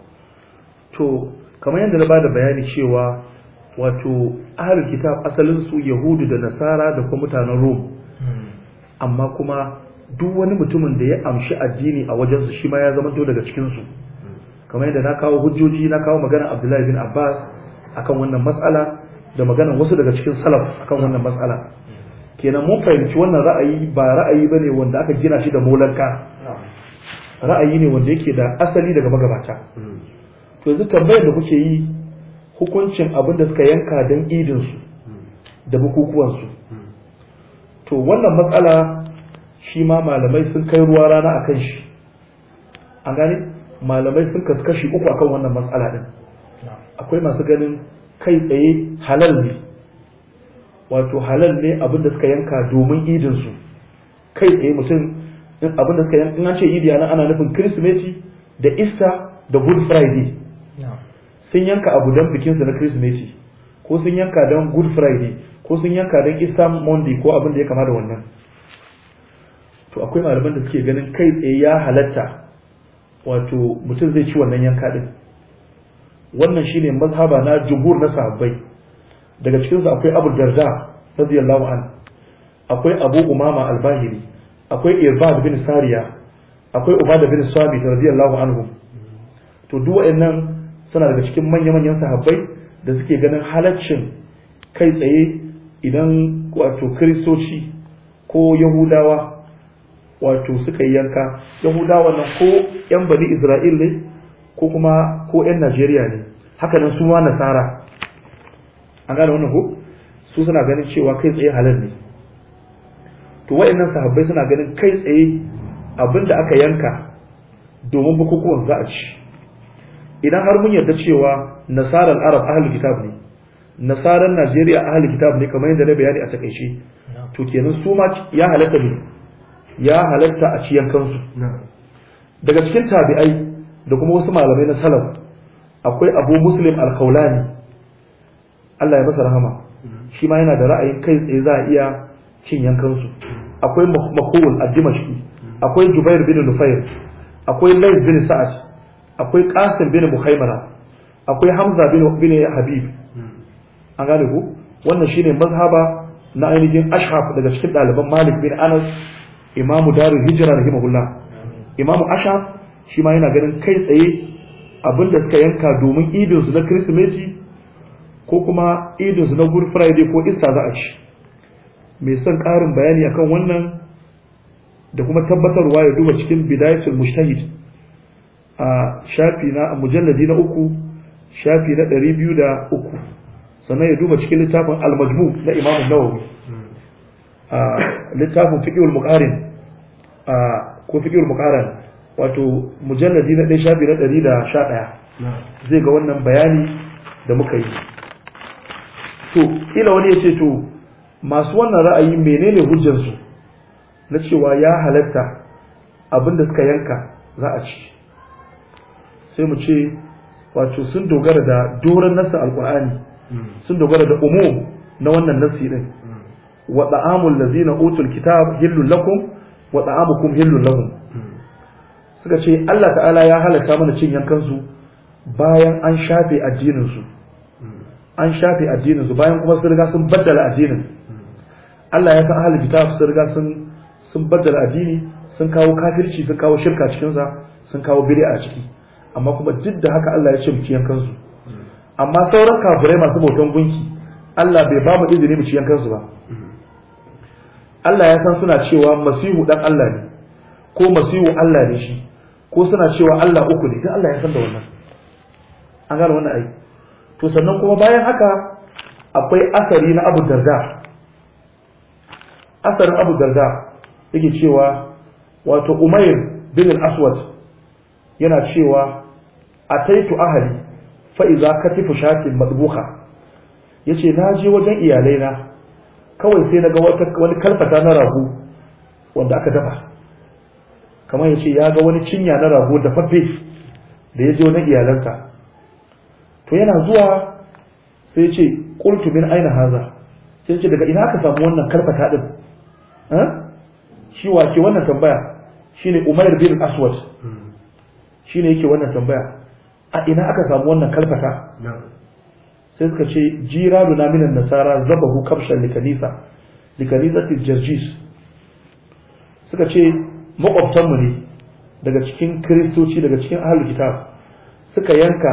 to kamar yadda na bada bayani cewa wato ahalul kitab asalin su yahudu da nasara da kuma mutanen rom hmm. amma kuma duk wani mutumin da ya amshi addini a wajensu shi ma ya zama to daga cikinsu kamar yadda na kawo hujjoji na kawo maganar abdullahi bin abbas akan wannan matsala da maganar wasu daga cikin salaf akan wannan matsala kenan mun fahimci wannan ra'ayi ba ra'ayi ba wanda aka gina shi da molanka ra'ayi ne wanda yake da asali daga magabata to yanzu tambayar da kuke yi hukuncin abin da suka yanka don idinsu da bukukuwansu to wannan matsala shi ma malamai sun kai ruwa rana a kan shi an gane malamai sun kaskashi uku akan wannan matsala din akwai masu ganin kai tsaye halal ne wato halal ne abin da suka yanka domin idinsu kai tsaye mutum abin da suka yanka in an ce idi ana ana nufin kirsimeti da easter da good friday sun yanka abu don bikinsu na kirsimeti ko sun yanka don good friday ko sun yanka don easter monday ko abin da ya kama da wannan to akwai malaman da suke ganin kai tsaye ya halatta wato mutum zai ci wannan yanka din wannan shine mazhaba na jumhur na sahabbai daga cikin su akwai Abu Darda radiyallahu an akwai Abu Umama al-Bahiri akwai Irbad bin Sariya akwai Ubada bin Sabit radiyallahu anhu to duk waɗannan suna daga cikin manya-manyan sahabbai da suke ganin halaccin kai tsaye idan wato kristoci ko yahudawa wato suka yi yanka yahudawa nan ko yan bani isra'il ne ko kuma ko yan najeriya ne haka nan su ma nasara an gane wannan ko su suna ganin cewa kai tsaye halar ne to wa'annan sahabbai suna ganin kai tsaye abinda aka yanka domin bukukuwan za a ci idan har mun yarda cewa nasarar arab ahlul kitab ne nasarar najeriya ahlul kitab ne kamar yadda na bayani a takaice to kenan su ma ya halatta ne ya halatta a ciyan kansu daga cikin tabi'ai da kuma wasu malamai na salaf akwai abu muslim alkaulani Allah ya masa rahama shi ma yana da ra'ayin kai tsaye za a iya cin yankansu akwai makul ad akwai jubair bin nufair akwai lais bin sa'ad akwai qasim bin muhaimara akwai hamza bin bin habib hmm. an gane ku wannan shine mazhaba na ainihin ashhab daga cikin ɗaliban malik bin anas imamu darul hijra rahimahullah imamu asha shi ma yana ganin kai tsaye abinda suka yanka domin idin na kirsimeti ko kuma idin na good friday ko easter za a ci mai son karin bayani akan wannan da kuma tabbatarwa ya duba cikin bidayatul mujtahid a shafi na mujalladi na uku shafi na ɗari biyu da uku sannan ya duba cikin littafin al na imamu nawawi hmm. a littafin fiqhul muqarin a ko fiqhul muqaran wato mujalladi na ɗaya shafi na ɗari da sha ɗaya zai ga wannan bayani da muka yi to ila wani ya ce to masu wannan ra'ayi menene su na cewa ya halatta abinda suka yanka za a ci sai mu ce wato sun dogara da doron nasa alkur'ani hmm. sun dogara da umu na wannan nasi din hmm. wa da'amul lazina utul kitab hillu lakum wa ta'amukum hillun lahum suka ce Allah ta'ala ya halatta mana cin su bayan an shafe addinin su an shafe addinin su bayan kuma sun riga sun baddala addinin Allah ya san ahlul kitab sun riga sun sun baddala addini sun kawo kafirci sun kawo shirka cikin sa sun kawo bid'a a ciki amma kuma duk da haka Allah ya ce mu ci su amma sauran kafirai masu bautan gunki Allah bai ba mu izini mu ci yankansu ba Allah ya san suna cewa masihu dan Allah ne ko masihu Allah ne shi ko suna cewa Allah uku ne duk Allah ya san da wannan an gane wannan aiki to sannan kuma bayan haka akwai asari na Abu Darda asarin Abu Darda yake cewa wato Umair bin al-Aswad yana cewa ataitu ahli fa idza katifu shatin madbuha yace na je wajen iyalaina kawai sai na ga wani kalfata na rago wanda aka dafa kamar ya ce ya ga wani cinya na rago da fafe da ya je wani iyalansa to yana zuwa sai ya ce qultu min aina haza sai ce daga ina aka samu wannan karfata din eh? shi wake wannan tambaya Shi ne Umar bin Aswad hmm. shi ne yake wannan tambaya a ina aka samu wannan karfata sai suka ce jiranu na minan nasara zabahu kabshan likanisa likanisatil jarjis suka ce makwabtanmu ne daga cikin kiristoci daga cikin ahlul suka yanka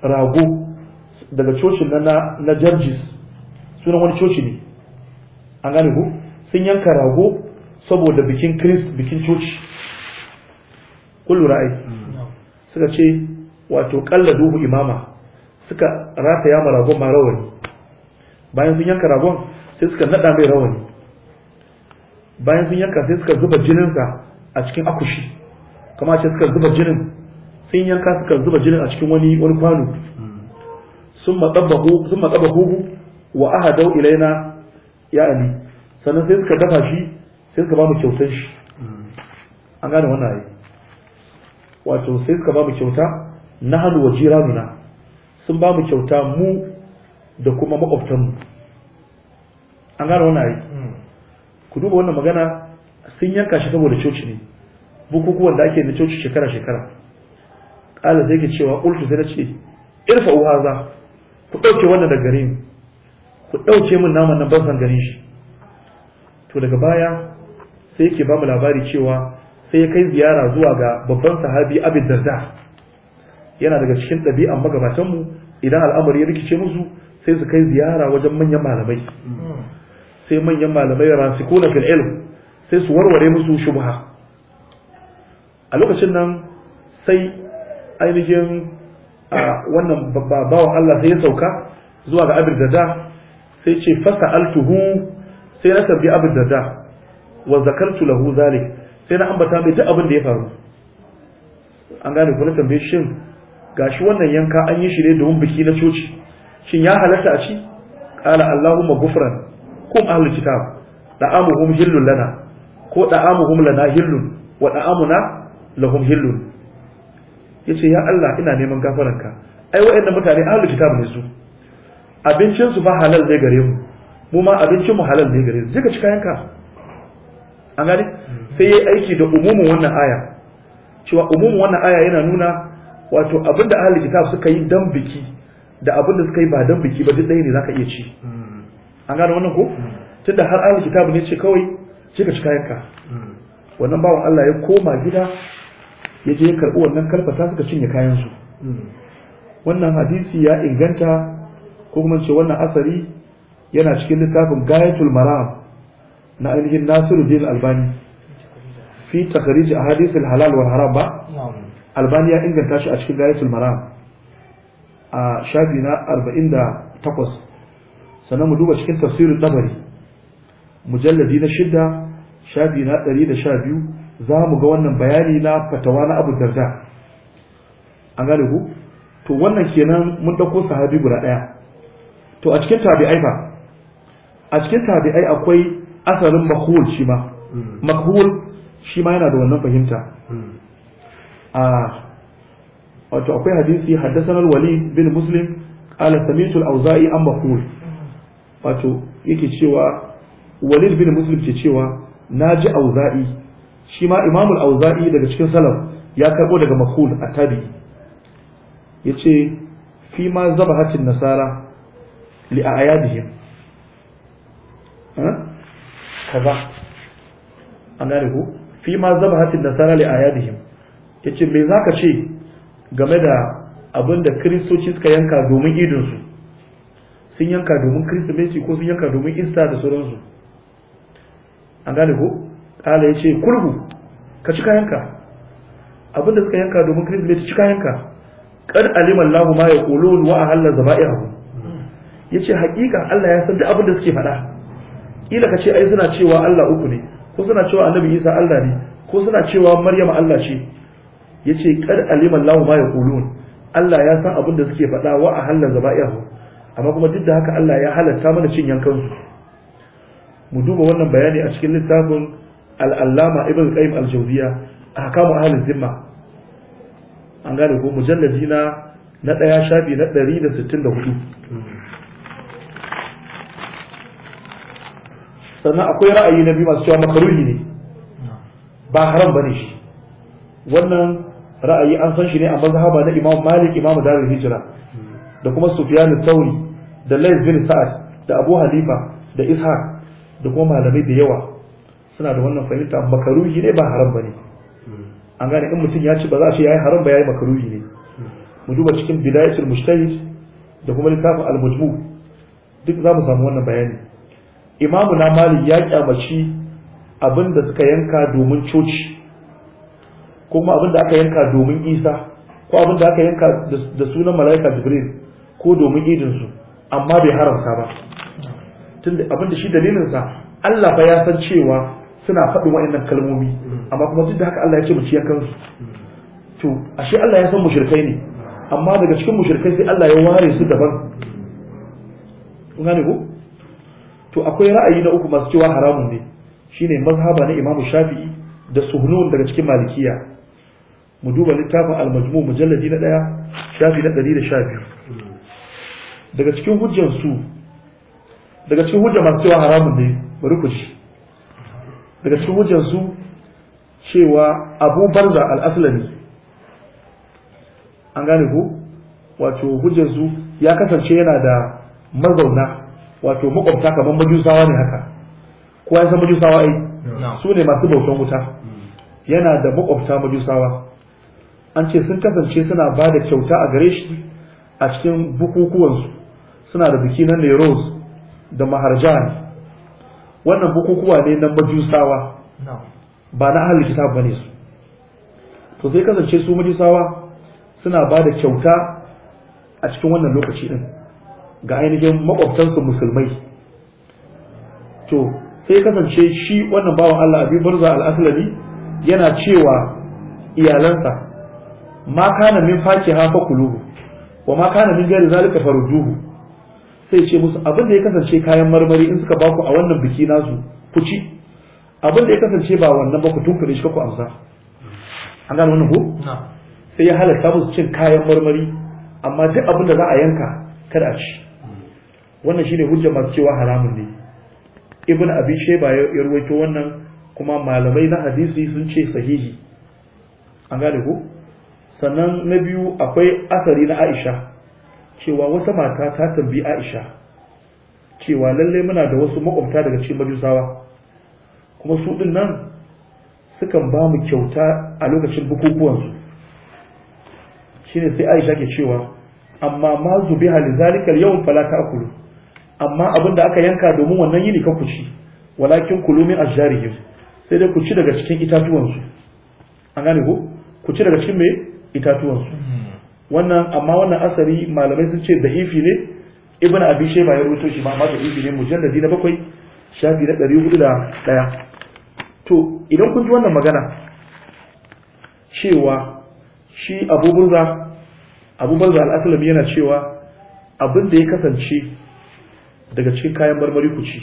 rago daga cocin na na jarjis sunan wani coci ne an gane ku sun yanka rago saboda bikin krist bikin coci kullu ra'ayi hmm. suka ce wato kalla duhu imama suka rataya ma ragon ma rawani bayan sun yanka ragon sai suka nada mai rawani bayan sun yanka sai suka zuba jininsa a cikin akushi kama ce suka zuba jinin sun yanka suka zuba jinin a cikin wani wani kwano sun matsaba huhu wa dau ilaina ya ali sannan sai suka dafa shi sai suka ba mu kyautar shi an gane wannan ayi wato sai suka ba mu kyauta na hannu wa jiranuna sun ba mu kyauta mu da kuma makwabtanmu an gane wannan ai hmm. ku duba wannan magana sun yanka shi saboda coci ne bukukuwan da ake na coci shekara-shekara ƙala da yake cewa ultu sai na ce irfa za ku ɗauke wannan da gare ku ɗauke min naman nan ban san gare shi to daga baya sai yake ba mu labari cewa sai ya kai ziyara zuwa ga babban sahabi abin darda yana daga cikin ɗabi'an magabatanmu idan al'amari ya rikice musu sai su kai ziyara wajen manyan malamai sai manyan malamai rasu fil ilm sai su warware musu shubha a lokacin nan sai ainihin wannan bawan Allah sai ya sauka zuwa ga abin dada sai ce fasa altuhu sai na tambayi abin dada wa zakartu lahu zalik sai na ambata mai duk abin da ya faru an gane ku na tambayi shin gashi wannan yanka an yi shi ne domin biki na coci shin ya halatta a ci qala allahumma gufran kum ahlul kitab da'amuhum hillun lana ko da'amuhum lana hillun wa da'amuna lahum hillun yace ya Allah ina neman ka ai wa'annan mutane ahlul kitab ne su abincin su ba halal ne gare mu mu ma abincin mu halal ne gare su zai ka ci kayanka an gani. Hmm. sai yayi aiki da umumin wannan aya cewa umumin wannan aya yana nuna wato abinda ahalin kitab suka yi dan biki da abinda suka yi ba dan biki ba duk ɗaya ne zaka iya ci an gane wannan ko tunda har ahalin kitab ne ce kawai ce ka ci kayanka wannan bawan Allah ya koma gida ya je ya karɓi wannan kalfata suka cinye kayan su wannan hadisi ya inganta ko kuma ce wannan asari yana cikin littafin gayatul maram na ainihin nasiru din albani fi takhrij a al halal wal haram ba albani ya inganta shi a cikin gayatul maram a shafi na 48 sannan mu duba cikin tafsirin dabari mujalladi na shidda shafi na 112 za mu ga wannan bayani na fatawa na abu darda an gane ku to wannan kenan mun ɗauko sahabi guda ɗaya to a cikin tabi'ai fa a cikin tabi'ai akwai asalin makhul shi ma hmm. makhul shi ma yana da wannan fahimta hmm. a ah. wato akwai hadisi haddasan al-walid bin muslim qala sami'tu al-auza'i an maqul wato yake cewa walid bin muslim ke cewa naji auza'i shi ma imamul auza'i daga cikin salaf ya karbo daga maqul a tabi yace fi ma zabahatin nasara li ayadihim kaza an fi ma zabahatin nasara li ayadihim ya ce me za ka ce game da abin da kiristoci suka yanka domin idinsu sun yanka domin kiristimeti ko sun yanka domin ista da sauransu an gane ko ƙala ya ce kurgu ka ci kayanka abin da suka yanka domin kiristimeti ci kayanka kan aliman lahu ma ya kolo wa ahalla ya yace hakika Allah ya san duk abin da suke faɗa ila ka ce ai suna cewa Allah uku ne ko suna cewa Annabi Isa Allah ne ko suna cewa Maryam Allah ce Ya ce kad aliman Allahu ma yaqulun Allah ya san abin da suke faɗa wa a halal zaba'ihu amma kuma duk da haka Allah ya halatta mana cin yankan su mu duba wannan bayani a cikin littafin al-Allama Ibn Qayyim al-Jawziyya ahkamu ahli zimma an gane ko mujalladi na na ɗaya shafi na 164 sannan akwai ra'ayi na biyu masu cewa makaruhi ne ba haram bane shi wannan ra'ayi an san shi ne a mazhaba na Imam Malik Imam Darul Hijra da kuma Sufyan Thawri da Layth bin Sa'ad da Abu Halifa da Ishaq da kuma malamai da yawa suna da wannan fahimta makaruhi ne ba haram bane an gane in mutum ya ci ba za a ce yayi haram ba yayi makaruhi ne mu duba cikin bidayatul mujtahid da kuma littafin al-mujmu duk za mu samu wannan bayani imamu na malik ya kyamaci abinda suka yanka domin coci ko kuma abin da aka yanka domin isa ko abin da aka yanka da sunan mala'ika jibril ko domin idinsu amma bai haramta ba tunda abin da shi dalilinsa Allah ba ya san cewa suna faɗin waɗannan kalmomi amma kuma duk da haka Allah ya ce mu ciyan kansu to ashe Allah ya san mushrikai ne amma daga cikin mushrikai sai Allah ya ware su daban kun gane ko to akwai ra'ayi na uku masu cewa haramun ne shine mazhaba na Imam Shafi'i da suhunun daga cikin Malikiya mu duba littafin al-majmu mujalladi na daya shafi na 112 daga cikin hujjar su daga cikin hujjar masu cewa haramun ne bari ku ji daga cikin hujjansu su cewa Abu Barza al-Aslami an gane ku wato hujjansu su ya kasance yana da mazauna wato makwabta kamar majusawa ne haka kowa ya san majusawa ai su ne masu bautan wuta hmm. yana da makwabta majusawa an ce sun kasance suna ba da kyauta a gare shi a cikin bukukuwansu suna da biki na Neros da Maharjan wannan bukukuwa ne na majusawa ba na ahalin kitab ne su to sai kasance su majusawa suna ba da kyauta a cikin wannan lokaci din ga ainihin makwabtansu musulmai to sai kasance shi wannan bawan Allah abin Barza al yana cewa iyalansa ma kana min fakiha fa kuluhu wa ma kana min ghairi zalika farduhu sai ce musu abin da ya kasance kayan marmari in suka baku a wannan biki nasu ku ci abin da ya kasance ba wannan ba ku tunkure shi ku amsa an gano wannan ko sai ya halatta musu cin kayan marmari amma duk abin da za a yanka kada a ci wannan shine hujja masu cewa haramun ne ibn abi shayba ya ruwaito wannan kuma malamai na hadisi sun ce sahihi an gane ko sannan na biyu akwai asari na aisha cewa wata mata ta tambayi aisha cewa lallai muna da wasu makwabta daga cikin majusawa kuma su din nan sukan ba mu kyauta a lokacin bukukuwansu Shi ne sai aisha ke cewa amma ma zube hali zalikal yawan falata akulu amma abin da aka yanka domin wannan yini ka ku walakin kulu min sai dai ku ci daga cikin itatuwansu an gane ko ku ci daga cikin me itatuwansu hmm. wannan amma wannan asari malamai sun ce da da'ifi ne ibn abi ba ya rubuto shi ma amma da'ifi ne mujalladi na bakwai shafi na ɗari hudu da ɗaya to idan kun ji wannan magana cewa shi abu burza abu burza yana cewa abin da ya kasance daga cikin kayan marmari ku ci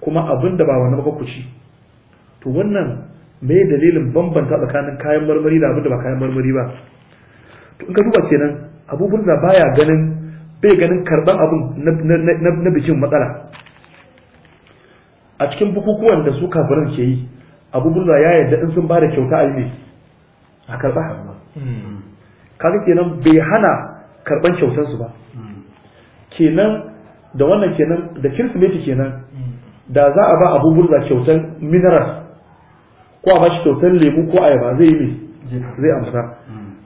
kuma abin da ba wani ba ku ci to wannan me dalilin bambanta tsakanin kayan marmari da abin da ba kayan marmari ba to in ka duba kenan abu burza baya ganin bai ganin karban abin na bikin matsala a cikin bukukuwan da su kafirin ke yi abu burza ya yarda in sun ba da kyauta a yi ne a karba hmm. kaga kenan bai hana karban su ba hmm. kenan da wannan kenan da kirsimeti kenan hmm. da za a ba abu burza kyautan minerals ko a bashi kyautar lemu ko ayaba zai yi zai amsa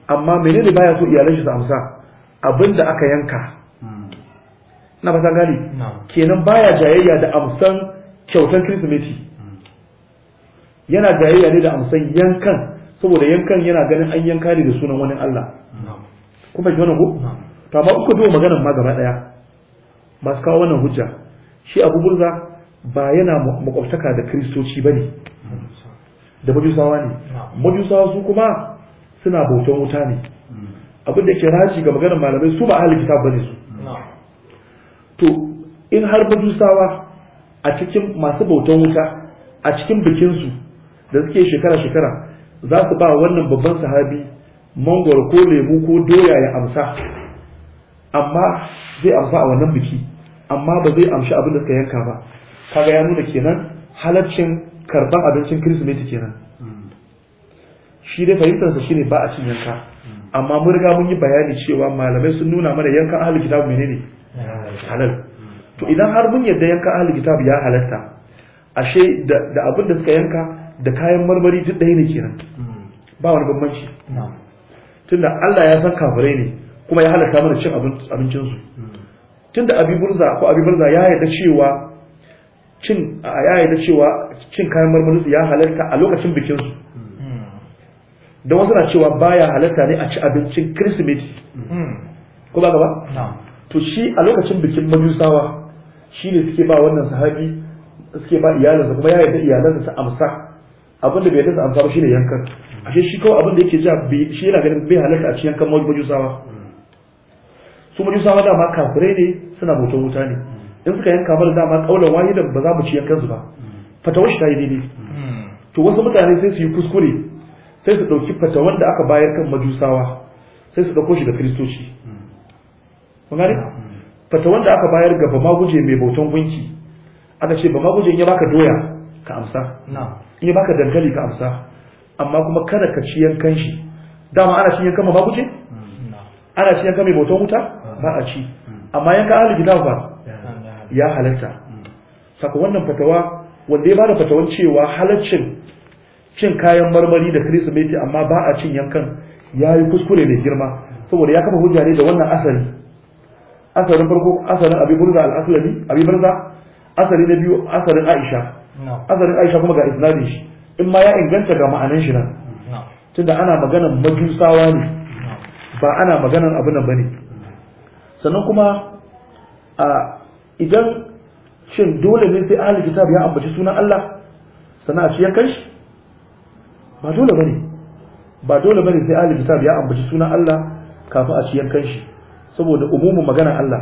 amma menene baya so iyalan shi su amsa abin da aka yanka na fata gani kenan baya jayayya da amsan kyautan kirsimeti yana jayayya ne da amsan yankan saboda yankan yana ganin an yanka ne da sunan wani Allah kuma ji wannan ko to amma uku duba maganar ma gaba daya masu kawo wannan hujja shi abu burza ba yana makwabtaka da kristoci bane mm. da majusawa ne majusawa su kuma suna bautan wuta ne hmm. abin da ke rashi ga maganar malamai su ba ahli kitab bane su to in har majusawa a cikin masu bautan wuta a cikin bikinsu da suke shekara shekara za su ba wannan babban sahabi mangwaro ko lemu ko doya ya amsa amma zai amsa a wannan biki amma ba zai amshi abin da suka yanka ba kaga ya nuna kenan halaccin karban abincin kirsimeti kenan hmm. shi dai fahimtarsa shine ba a cin yanka hmm. amma mun riga mun yi bayani cewa malamai sun nuna mana yankan ahlul kitabu menene halal hmm. to idan har mun yadda yankan ahlul kitabu ya halatta ashe da abin da suka yanka da kayan marmari duk ɗaya ne kenan ba wani bambanci tunda Allah ya san kafirai ne kuma ya halatta mana cin abincinsu tunda abi burza ko abi burza ya yarda cewa cin a yayi da cewa cin kayan marmari ya halarta a lokacin bikin su. don wasu na cewa baya halarta ne a ci abincin kirsimeti ko ba gaba to shi a lokacin bikin majusawa shi ne suke ba wannan sahabi suke ba sa kuma ya da iyalan su amsa abin da bai yarda amsa ba ne yankan ashe shi kawai abin da yake ja shi yana ganin bai halarta a ci yankan majusawa su majusawa dama kafirai ne suna bautar wuta ne in suka yanka mana dama kaulan wahidan ba za mu ci yankansu ba fatawar shi ta yi daidai to wasu mutane sai su yi kuskure sai su ɗauki fatawar da aka bayar kan majusawa sai su ɗauko shi da kiristoci kunari fatawar da aka bayar ga bama guje mai bautan gunki aka ce bama guje in ya baka doya ka amsa in ya baka dankali ka amsa amma kuma kada ka ci yankan shi dama ana ci yankan bama guje ana ci yankan mai bautan wuta ba a ci mm. amma yanka ahli gida ba ya halatta saka wannan fatawa wanda ya ba da fatawan cewa halaccin cin kayan marmari da kirsimeti amma ba a cin yankan ya yi kuskure mai girma saboda ya kafa hujja ne da wannan asali asalin farko asalin abi burza al-aslami abi burza asali na biyu asalin aisha asalin aisha kuma ga isnadin shi in ma ya inganta ga ma'anan shi nan tunda ana maganan majusawa ne ba ana maganan abin nan bane sannan kuma a idan shin dole ne sai ahli kitab ya ambaci sunan Allah sana shi ya kai shi ba dole bane ba dole bane sai ahli kitab ya ambaci sunan Allah kafin a ciyar kan shi saboda umumin magana Allah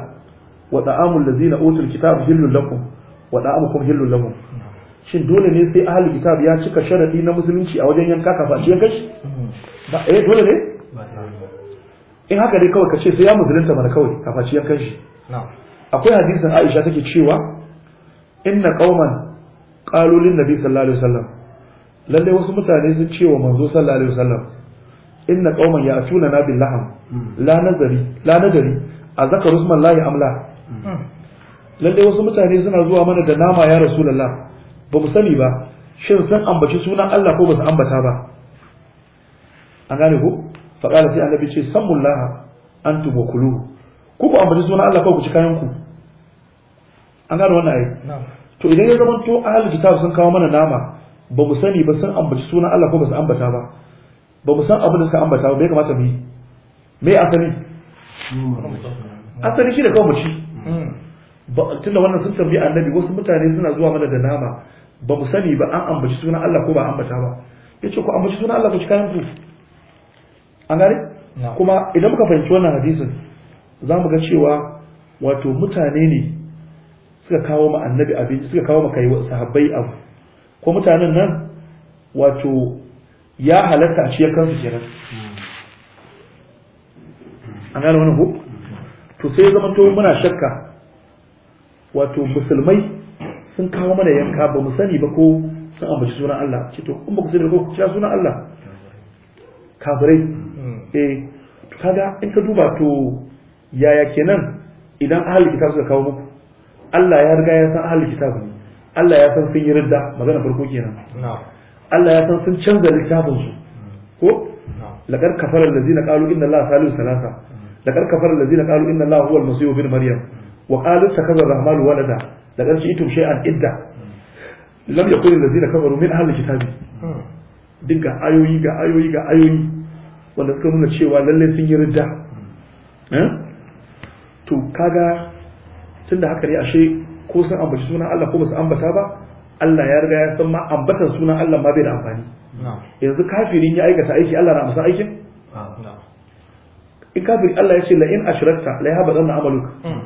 wa ta'amul ladzina utul kitab hillul lakum wa ta'amukum hillul lakum shin dole ne sai ahli kitab ya cika sharadi na musulunci a wajen yanka kafin a ya kai shi ba eh dole ne in haka dai kawai ka ce sai ya musulunta mana kawai kafin a ya kai shi na'am akwai hadisin Aisha take cewa inna qauman qalu lin nabi sallallahu alaihi wasallam lalle wasu mutane sun ce wa manzo sallallahu alaihi wasallam inna qauman ya'tuna na bil laham la nazari la nadari a azkaru smallahi amla lalle wasu mutane suna zuwa mana da nama ya rasulullah ba mu sani ba shin san ambaci sunan Allah ko ba su ambata ba an gane ko fa qala sai annabi ce sammullaha antum wa kuluhu ku ku ambaci sunan Allah kawai ku ci kayan ku an gane wannan ayi to idan ya zama to ahlul kitab sun kawo mana nama ba mu sani ba sun ambaci sunan Allah ko ba su ambata ba ba mu san abin da suka ambata ba bai kamata mu yi me asali asali shi da kawai mu ci mm. tunda wannan sun tambayi annabi wasu mutane suna zuwa mana da nama ba mu sani ba an ambaci sunan Allah ko ba ambata ba Ya ce ku ambaci sunan Allah ku ci kayan ku an gane kuma idan muka fahimci wannan hadisin za mu ga cewa wato mutane ne suka kawo ma annabi abinci suka kawo ma kai sahabbai abu ko mutanen nan wato ya halatta a ciyar kansu kenan an gane wani ko to sai zama to muna shakka wato musulmai sun kawo mana yanka ba mu sani ba ko sun ambaci sunan Allah ce to in ba ku sani ko ku kira sunan Allah kafirai hmm. eh to kaga in ka duba to yaya kenan idan ahlul kitab suka kawo muku Allah ya riga ya san ahlul kitab ne Allah ya san sun yi ridda magana farko kenan Allah ya san sun canza littafin su ko laqad kafara allazina qalu inna allaha salisu salasa laqad kafara allazina qalu inna allaha huwa al-masih ibn maryam wa qalu takaza ar-rahmanu walada laqad ji'tum shay'an idda lam yakun allazina kafaru min ahlil kitab hmm. duk ga ayoyi ga ayoyi ga ayoyi wanda suka nuna cewa lallai sun yi ridda hmm. eh? to kaga da haka ne ashe ko sun ambaci sunan Allah ko ba su ambata ba Allah ya riga ya san ma ambatan sunan Allah ma bai da amfani yanzu kafirin ya aikata aiki Allah na amsa aikin in kafiri Allah ya ce la in ashrakta la yahba na amaluka hmm.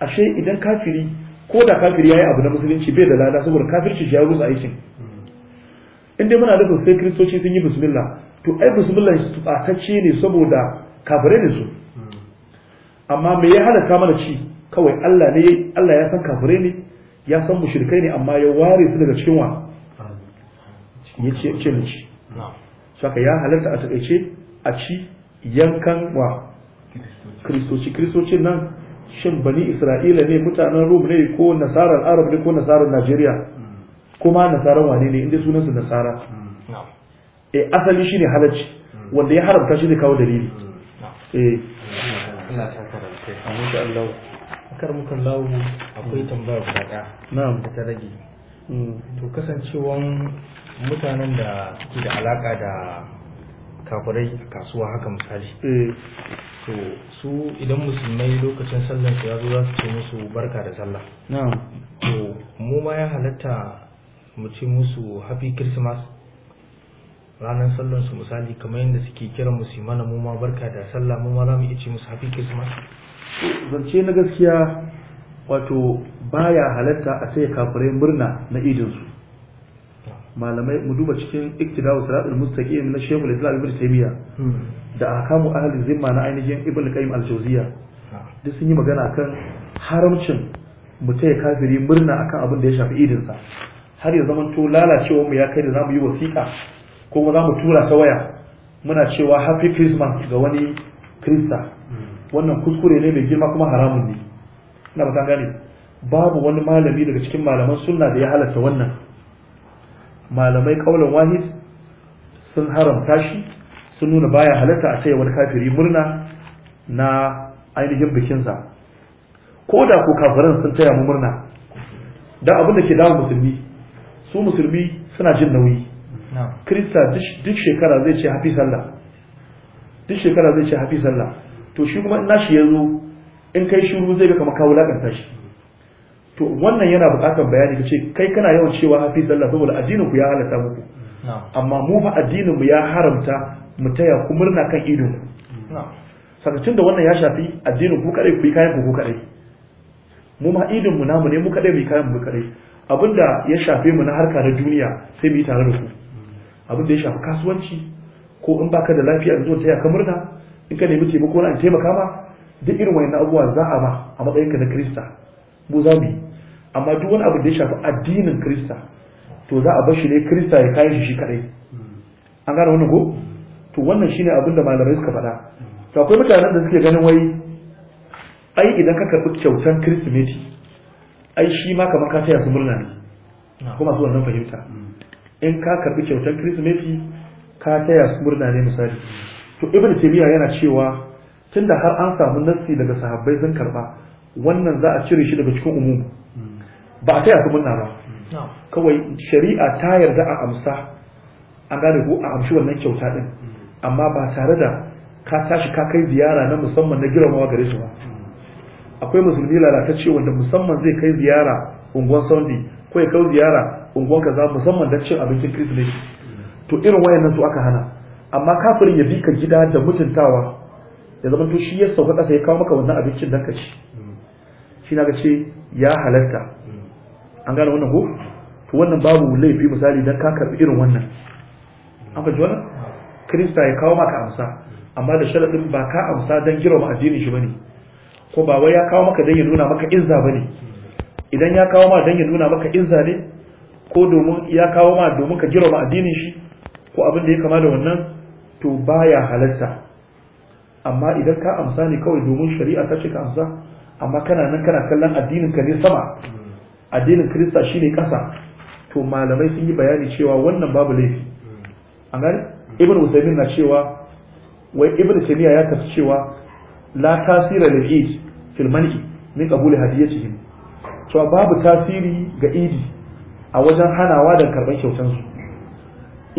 ashe idan kafiri ko da kafiri yayi abu na musulunci bai da lada saboda kafirci ya rusa aikin hmm. in dai muna da sai kristoci sun yi bismillah to ai bismillah su tsace ne saboda kafirai ne su amma me ya halaka mana ci kawai Allah ne Allah ya san kafirai ne ya san mushrikai ne amma ya ware su daga cikin wa ya ce ce mu ci saka ya halarta a takaice a ci yankan wa kristoci kristocin nan shin bani isra'ila ne mutanen rum ne ko nasarar arab ne ko nasarar najeriya kuma nasarar wane ne inda sunansu nasara e asali shine halacci mm. wanda ya haramta shi ne kawo dalili mm, eh Allah ta karanta amin da Allah akar muka lawo akwai tambaya guda ɗaya na'am ta rage mm. to kasancewan mutanen da suke da alaka da kafirai a kasuwa haka misali eh. to su idan musulmai lokacin sallar su ya zo za su ce musu barka da sallah na'am to mu ma ya halatta mu ce musu happy christmas ranar sallan su misali kamar yadda suke kira mu mu ma barka da sallah mu ma za mu iya ce musu happy christmas zance na gaskiya wato baya halatta a sai kafirai murna na idin su malamai mu duba cikin iktidawu siratul mustaqim na shaykhul islam ibn taymiya hmm. da ahkamu ahli zimma na ainihin ibn qayyim al-jawziya ah. duk sun yi magana kan haramcin mu mutai kafiri murna akan abin da ya shafi idinsa. sa har ya zamanto lalacewa mu ya kai da zamu yi wasiƙa ko za mu tura ta waya muna cewa happy christmas ga wani krista hmm. wannan kuskure ne mai girma kuma haramun ne ina mutan gane babu wani malami daga cikin malaman sunna da ya halatta wannan malamai kaulan wahid sun haramta shi sun nuna baya halatta a taya wani kafiri murna na ainihin bikinsa ko da ko kafiran sun taya mu murna da abin da ke damun musulmi su musulmi suna jin nauyi krista duk shekara zai ce hafi sallah duk shekara zai ce hafi sallah to shi kuma ina shi ya zo in kai shiru zai ga kawo lakanta shi to wannan yana bukatar bayani ka ce kai kana yawan cewa hafi sallah saboda addinin ku ya halatta muku amma mu fa addinin mu ya haramta mu taya ku murna kan idon ku sakacin da wannan ya shafi addinin ku kadai ku yi kayan ku kadai mu ma idin mu namu ne mu kadai mu yi kayan mu kadai abinda ya shafe mu na harka na duniya sai mu yi tare da ku abin da ya shafi kasuwanci ko in baka da lafiya in zo ta ka murna in ka nemi taimako na in taimaka ma duk irin wayannan abubuwa za a ma a matsayin ka na krista mu za mu yi amma duk wani abu da ya shafi addinin krista to za a bar shi ne krista ya kayan shi shi kadai an gane wannan ko to wannan shine abin da malamai suka faɗa to akwai mutanen da suke ganin wai ai idan ka karɓi kyautan kirsimeti ai shi ma kamar ka taya su murna ne kuma su wannan fahimta in ka karbi kyautar kirismeti ka taya murna ne misali to ibn taymiya yana cewa tunda har an samu nassi daga sahabbai sun karba wannan za a cire shi daga cikin umu, ba a taya su murna ba kawai shari'a ta yarda a amsa an gane ko a amshi wannan kyauta din amma ba tare da ka tashi ka kai ziyara na musamman na girmamawa gare su ba akwai musulmi lalata cewa da musamman zai kai ziyara unguwan saudi ko ya kai ziyara unguwan mu musamman da cin abincin kirsimeti to irin wayannan su aka hana amma kafirin ya bi ka gida da mutuntawa ya zama to shi ya sauka ƙasa ya kawo maka wannan abincin dan ka ci shi na ga ce ya halarta an gane wannan ko to wannan babu laifi misali dan ka karbi irin wannan an fahimci wannan kirista ya kawo maka amsa amma da sharaɗin ba ka amsa dan girma addinin shi bane ko ba wai ya kawo maka dan ya nuna maka izza bane idan ya kawo ma dan ya nuna maka izza ne ko domin ya kawo ma domin ka girma addinin shi ko abin da ya kama da wannan to baya halatta amma idan ka amsa ne kawai domin shari'a ta ce ka amsa amma kana nan kana kallon addinin ka ne sama addinin kirista ne kasa to malamai sun yi bayani cewa wannan babu laifi an gani ibn usaimin na cewa wai ibn taymiya ya tafi cewa la tasira lil'id fil man'i min qabuli hadiyatihim cewa babu tasiri ga idi a wajen hanawa da karɓar kyautan su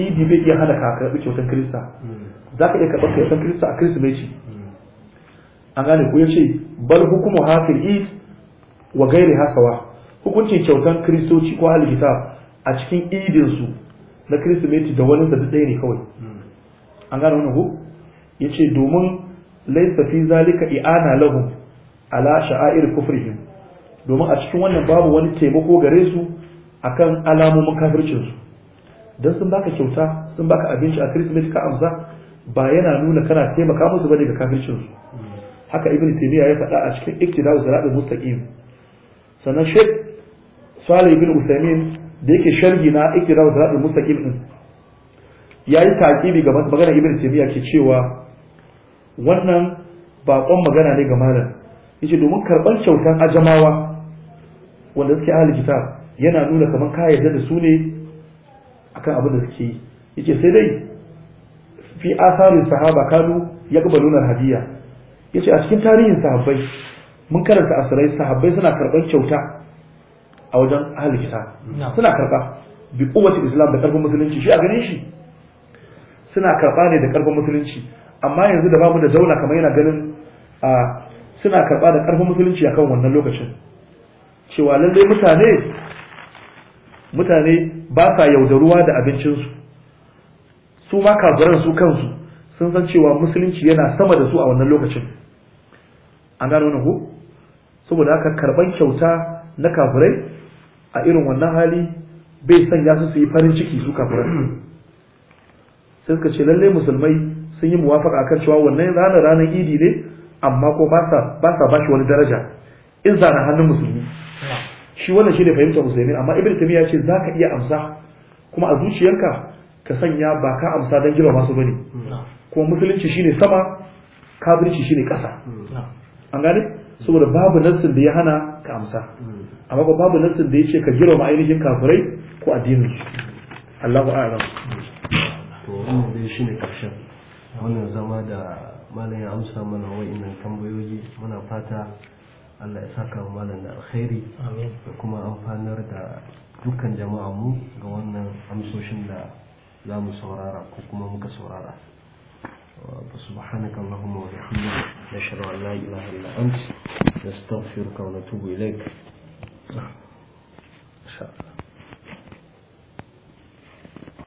idi bai iya hana ka karɓi kyautan kirista za ka iya karɓar kyautan kirista a kirsimeti an gane ko ya ce bal hukumu hafil id wa gairi hasawa hukuncin kyautan kiristoci ko ahli a cikin idin su na kirsimeti da wani da ɗaya ne kawai an gane wannan ko ya ce domin laisa fi zalika i'ana lahum ala sha'air kufrihim domin a cikin wannan babu wani taimako gare su akan alamomin su don sun baka kyauta sun baka abinci a kirismeti ka amsa ba yana nuna kana taimaka musu bane ga su haka ibn taymiya ya faɗa a cikin iktidau zaraɗin mustaqim sannan shek salih ibn usaimin da yake sharhi na iktidau zaraɗin mustaqim din yayi takibi ga magana ibn taymiya ke cewa wannan baƙon magana ne ga malam yace domin karɓar kyautan ajamawa wanda suke ahli kitab yana nuna kamar ka yarda da su ne akan abin da suke yi yace sai dai fi asarin sahaba kanu ya gaba lunar hadiya yace a cikin tarihin sahabbai mun karanta asirai sahabbai suna karɓar kyauta a wajen ahli kitab suna karɓa bi kowace islam da karfin musulunci shi a ganin shi suna karɓa ne da karfin musulunci amma yanzu da babu da zauna kamar yana ganin a suna karɓa da karfin musulunci akan wannan lokacin cewa lallai mutane mutane ba sa yaudaruwa da abincinsu su ma kaburan su kansu sun san cewa musulunci yana sama da su a wannan lokacin an gano na ku saboda haka karban kyauta na kafirai a irin wannan hali bai sanya su su yi farin ciki su kafirai sai suka ce lallai musulmai sun yi muwafaka akan cewa wannan ranar ranar idi ne amma ko ba sa ba shi wani daraja in zana hannun musulmi shi wannan shi ne fahimtar musulmi amma ibn tamiya ce za ka iya amsa kuma a zuciyarka ka sanya ba ka amsa don girma masu bane kuma musulunci shine sama kafirci shine ƙasa an gane saboda babu nassin da ya hana ka amsa amma ba babu nassin da ya ce ka girma ainihin kafirai ko addinin Allahu a'lam to wannan dai shine karshen wannan zama da malam ya amsa mana wa'annan tambayoyi muna fata Allah ya saka wa malam da alkhairi da kuma amfanar da dukkan jama'a mu ga wannan amsoshin da za mu saurara ko kuma muka saurara subhanaka allahumma wa bihamdika nashhadu an la ilaha illa ant nastaghfiruka wa natubu ilaik